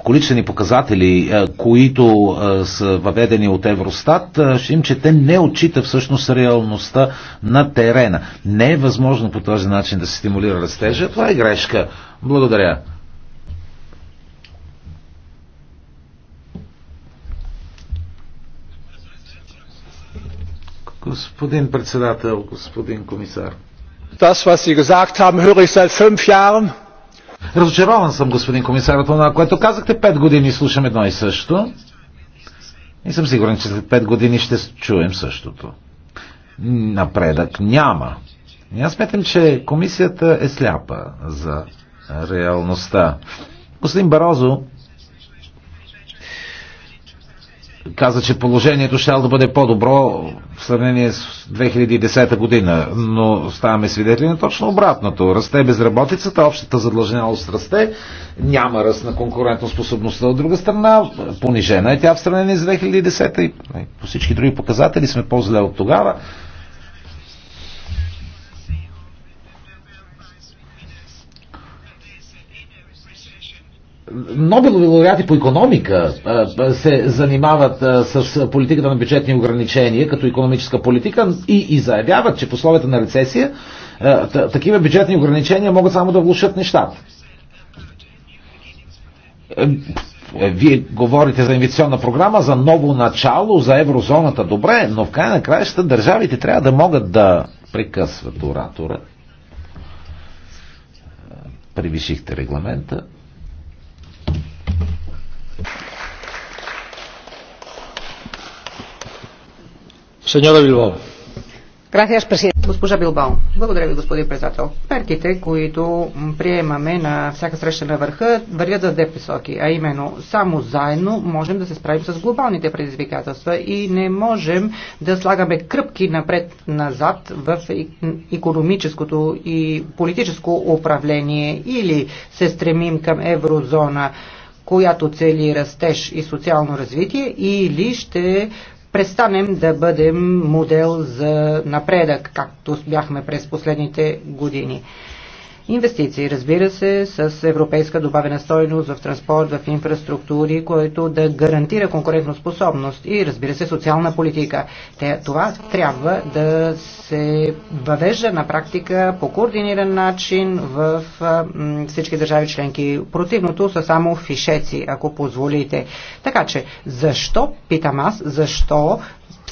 количествени показатели, които са въведени от Евростат, ще им, че те не отчита всъщност реалността на терена. Не е възможно по този начин да се стимулира растежа. Това е грешка. Благодаря. Господин председател, господин комисар. Das, was Sie gesagt haben, höre ich seit fünf Jahren. Разочарован съм, господин комисар, от това, което казахте. Пет години слушам едно и също. И съм сигурен, че след пет години ще чуем същото. Напредък няма. И аз смятам, че комисията е сляпа за реалността. Господин Барозо каза, че положението ще да бъде по-добро в сравнение с 2010 година, но ставаме свидетели на точно обратното. Расте безработицата, общата задлъжнялост расте, няма ръст на конкурентоспособността от друга страна, понижена е тя в сравнение с 2010 и нали, по всички други показатели сме по-зле от тогава. Нобелови лауреати по економика се занимават с политиката на бюджетни ограничения като економическа политика и, и заявяват, че в условията на рецесия такива бюджетни ограничения могат само да влушат нещата. Е, вие говорите за инвестиционна програма, за ново начало, за еврозоната. Добре, но в край на краища държавите трябва да могат да прекъсват оратора. Превишихте регламента. Госпожа Билбао. Благодаря ви, господин председател. Мерките, които приемаме на всяка среща на върха, вървят за две посоки, а именно само заедно можем да се справим с глобалните предизвикателства и не можем да слагаме кръпки напред-назад в економическото и политическо управление или се стремим към еврозона която цели растеж и социално развитие или ще престанем да бъдем модел за напредък, както бяхме през последните години. Инвестиции, разбира се, с европейска добавена стойност в транспорт, в инфраструктури, което да гарантира конкурентоспособност и, разбира се, социална политика. Те, това трябва да се въвежда на практика по координиран начин в всички държави членки. Противното са само фишеци, ако позволите. Така че, защо, питам аз, защо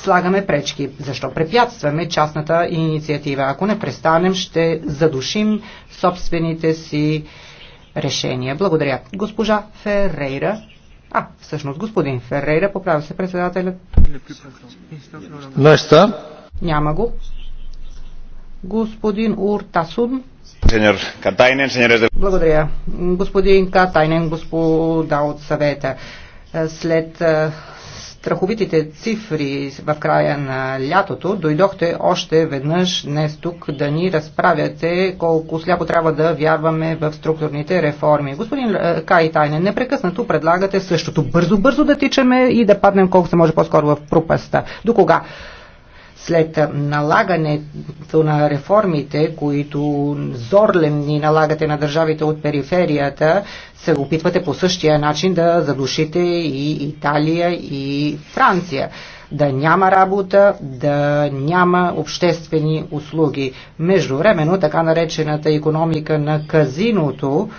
слагаме пречки? Защо препятстваме частната инициатива? Ако не престанем, ще задушим собствените си решения. Благодаря. Госпожа Ферейра. А, всъщност господин Ферейра, поправя се председателят. Неща. Няма го. Господин Уртасун. Сеньор Катайнен, сеньорес... Благодаря. Господин Катайнен, господа от съвета. След страховитите цифри в края на лятото, дойдохте още веднъж днес тук да ни разправяте колко сляпо трябва да вярваме в структурните реформи. Господин е, Кай, Тайне, непрекъснато предлагате същото. Бързо-бързо да тичаме и да паднем колко се може по-скоро в пропаста. До кога? след налагането на реформите, които зорлен ни налагате на държавите от периферията, се опитвате по същия начин да задушите и Италия, и Франция да няма работа, да няма обществени услуги. Междувременно така наречената економика на казиното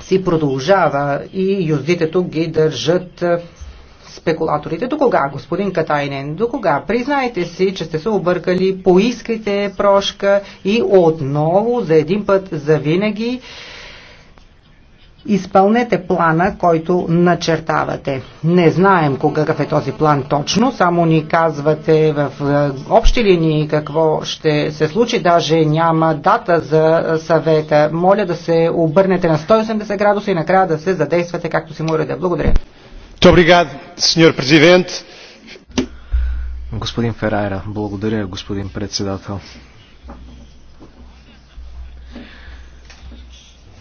си продължава и юздите тук ги държат спекулаторите. До кога, господин Катайнен? До кога? Признайте си, че сте се объркали, поискайте прошка и отново за един път за винаги изпълнете плана, който начертавате. Не знаем какъв е този план точно, само ни казвате в е, общи линии какво ще се случи, даже няма дата за съвета. Моля да се обърнете на 180 градуса и накрая да се задействате както си море да. Благодаря. Господин Ферайра, благодаря, господин председател.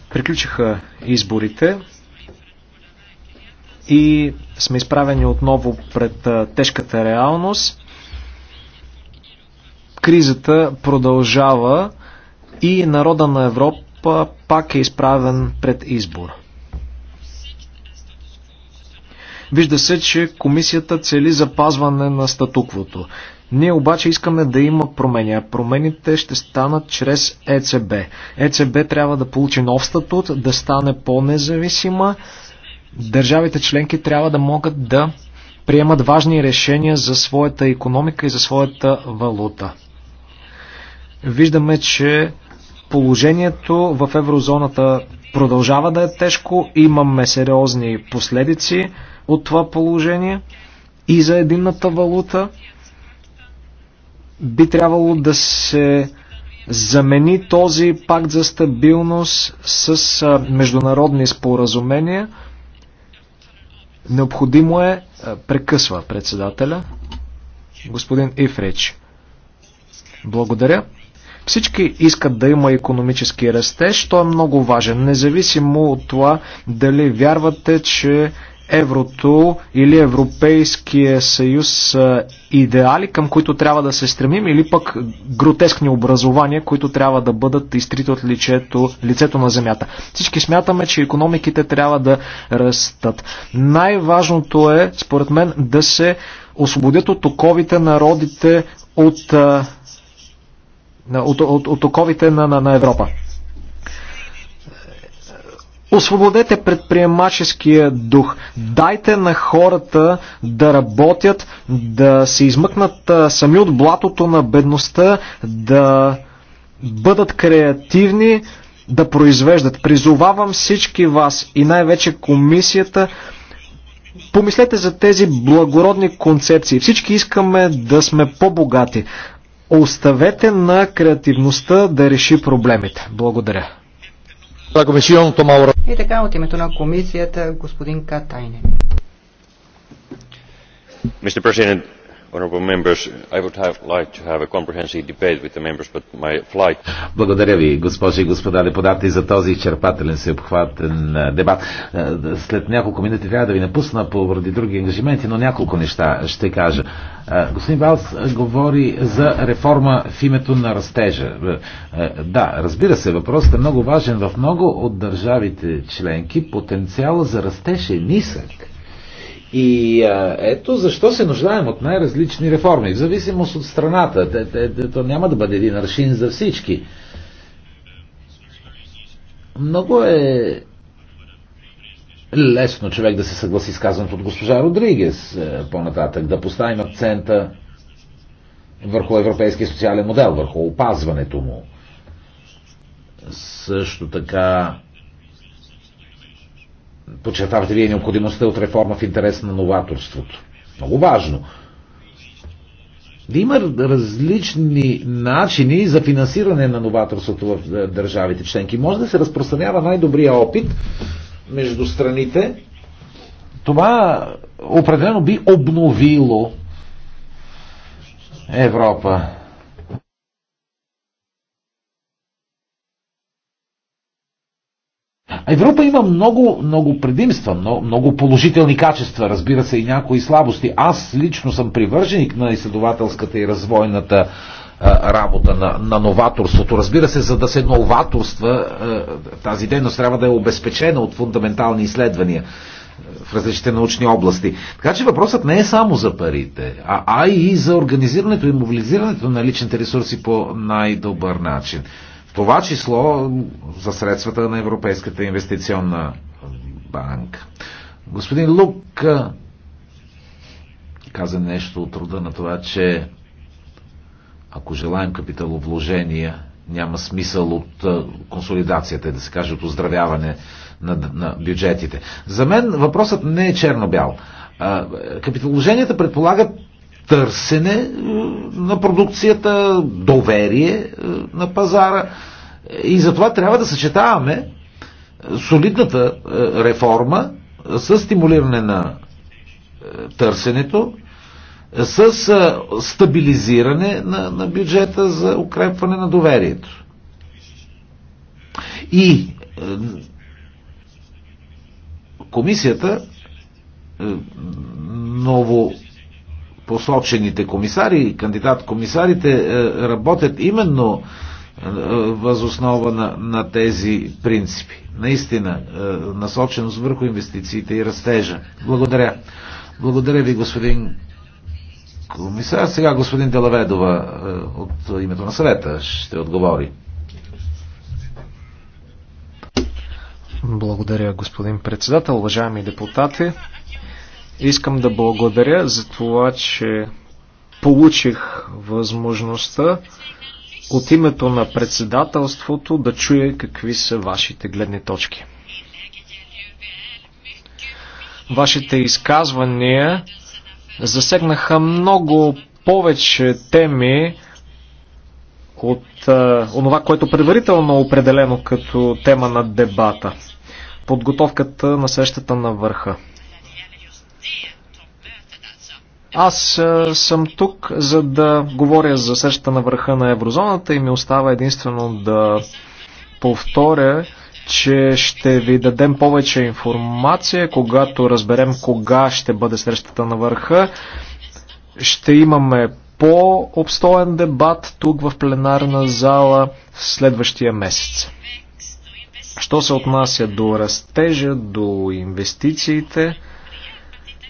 Приключиха изборите и сме изправени отново пред тежката реалност. Кризата продължава и народа на Европа пак е изправен пред избор. Вижда се, че комисията цели запазване на статуквото. Ние обаче искаме да има промени, а промените ще станат чрез ЕЦБ. ЕЦБ трябва да получи нов статут, да стане по-независима. Държавите членки трябва да могат да приемат важни решения за своята економика и за своята валута. Виждаме, че положението в еврозоната продължава да е тежко, имаме сериозни последици от това положение и за единната валута би трябвало да се замени този пакт за стабилност с международни споразумения. Необходимо е, прекъсва председателя, господин Ифрич. Благодаря. Всички искат да има економически растеж, той е много важен, независимо от това дали вярвате, че еврото или Европейския съюз са идеали, към които трябва да се стремим, или пък гротескни образования, които трябва да бъдат изтрити от лицето, лицето на земята. Всички смятаме, че економиките трябва да растат. Най-важното е, според мен, да се освободят от оковите народите от, от, от, от, от оковите на, на, на Европа. Освободете предприемаческия дух. Дайте на хората да работят, да се измъкнат сами от блатото на бедността, да бъдат креативни, да произвеждат. Призовавам всички вас и най-вече комисията Помислете за тези благородни концепции. Всички искаме да сме по-богати. Оставете на креативността да реши проблемите. Благодаря. И така от името на комисията господин Катайнен. Mr. President, благодаря ви, госпожи и господа депутати, за този изчерпателен се обхватен дебат. След няколко минути трябва да ви напусна поради други ангажименти, но няколко неща ще кажа. Господин Валс говори за реформа в името на растежа. Да, разбира се, въпросът е много важен. В много от държавите членки потенциала за растеж е нисък и а, ето защо се нуждаем от най-различни реформи, в зависимост от страната. Те, те, те, то няма да бъде един аршин за всички. Много е лесно човек да се съгласи с казаното от госпожа Родригес е, по-нататък, да поставим акцента върху европейския социален модел, върху опазването му. Също така подчертавате вие необходимостта от реформа в интерес на новаторството. Много важно. Да има различни начини за финансиране на новаторството в е, държавите членки. Може да се разпространява най-добрия опит между страните. Това определено би обновило Европа. Европа има много, много предимства, много, много положителни качества, разбира се и някои слабости. Аз лично съм привърженик на изследователската и развойната работа на, на новаторството. Разбира се, за да се новаторства, тази дейност трябва да е обезпечена от фундаментални изследвания в различните научни области. Така че въпросът не е само за парите, а, а и за организирането и мобилизирането на личните ресурси по най-добър начин това число за средствата на Европейската инвестиционна банка. Господин Лук каза нещо от рода на това, че ако желаем капиталовложения, няма смисъл от консолидацията, да се каже от оздравяване на, на бюджетите. За мен въпросът не е черно-бял. Капиталовложенията предполагат търсене е, на продукцията, доверие е, на пазара. И затова трябва да съчетаваме е, солидната реформа с стимулиране на търсенето, с стабилизиране на, на бюджета за укрепване на доверието. И комисията ново посочените комисари кандидат-комисарите е, работят именно е, възоснова на, на тези принципи. Наистина, е, насоченост върху инвестициите и растежа. Благодаря. Благодаря ви, господин комисар. Сега господин Делаведова от името на съвета ще отговори. Благодаря, господин председател, уважаеми депутати. Искам да благодаря за това, че получих възможността от името на председателството да чуя какви са вашите гледни точки. Вашите изказвания засегнаха много повече теми от онова, което предварително е определено като тема на дебата. Подготовката на срещата на върха. Аз е, съм тук, за да говоря за срещата на върха на еврозоната и ми остава единствено да повторя, че ще ви дадем повече информация, когато разберем кога ще бъде срещата на върха. Ще имаме по-обстоен дебат тук в пленарна зала следващия месец. Що се отнася до растежа, до инвестициите,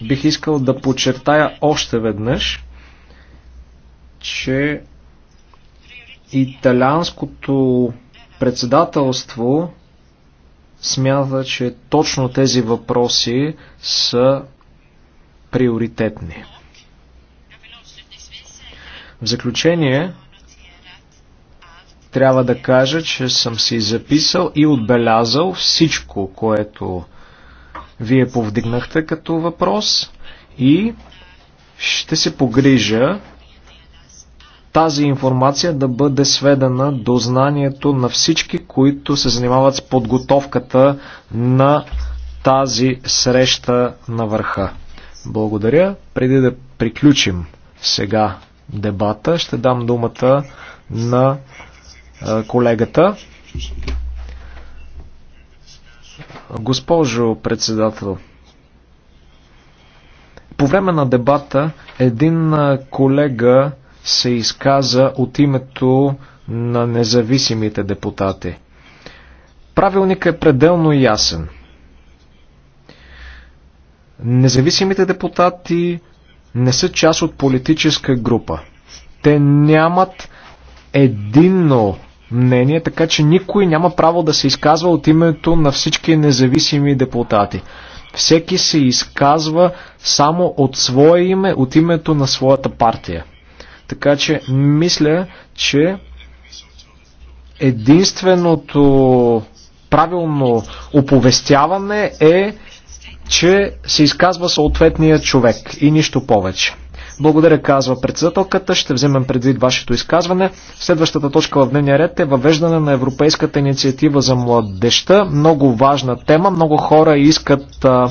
бих искал да подчертая още веднъж, че италианското председателство смята, че точно тези въпроси са приоритетни. В заключение, трябва да кажа, че съм си записал и отбелязал всичко, което вие повдигнахте като въпрос и ще се погрижа тази информация да бъде сведена до знанието на всички, които се занимават с подготовката на тази среща на върха. Благодаря. Преди да приключим сега дебата, ще дам думата на е, колегата. Госпожо председател, по време на дебата един колега се изказа от името на независимите депутати. Правилникът е пределно ясен. Независимите депутати не са част от политическа група. Те нямат единно мнение, така че никой няма право да се изказва от името на всички независими депутати. Всеки се изказва само от свое име, от името на своята партия. Така че мисля, че единственото правилно оповестяване е, че се изказва съответния човек и нищо повече. Благодаря, казва председателката. Ще вземем предвид вашето изказване. Следващата точка в дневния ред е въвеждане на Европейската инициатива за младеща. Много важна тема. Много хора искат а,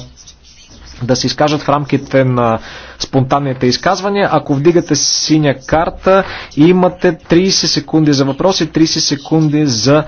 да се изкажат в рамките на спонтанните изказвания. Ако вдигате синя карта, имате 30 секунди за въпроси, 30 секунди за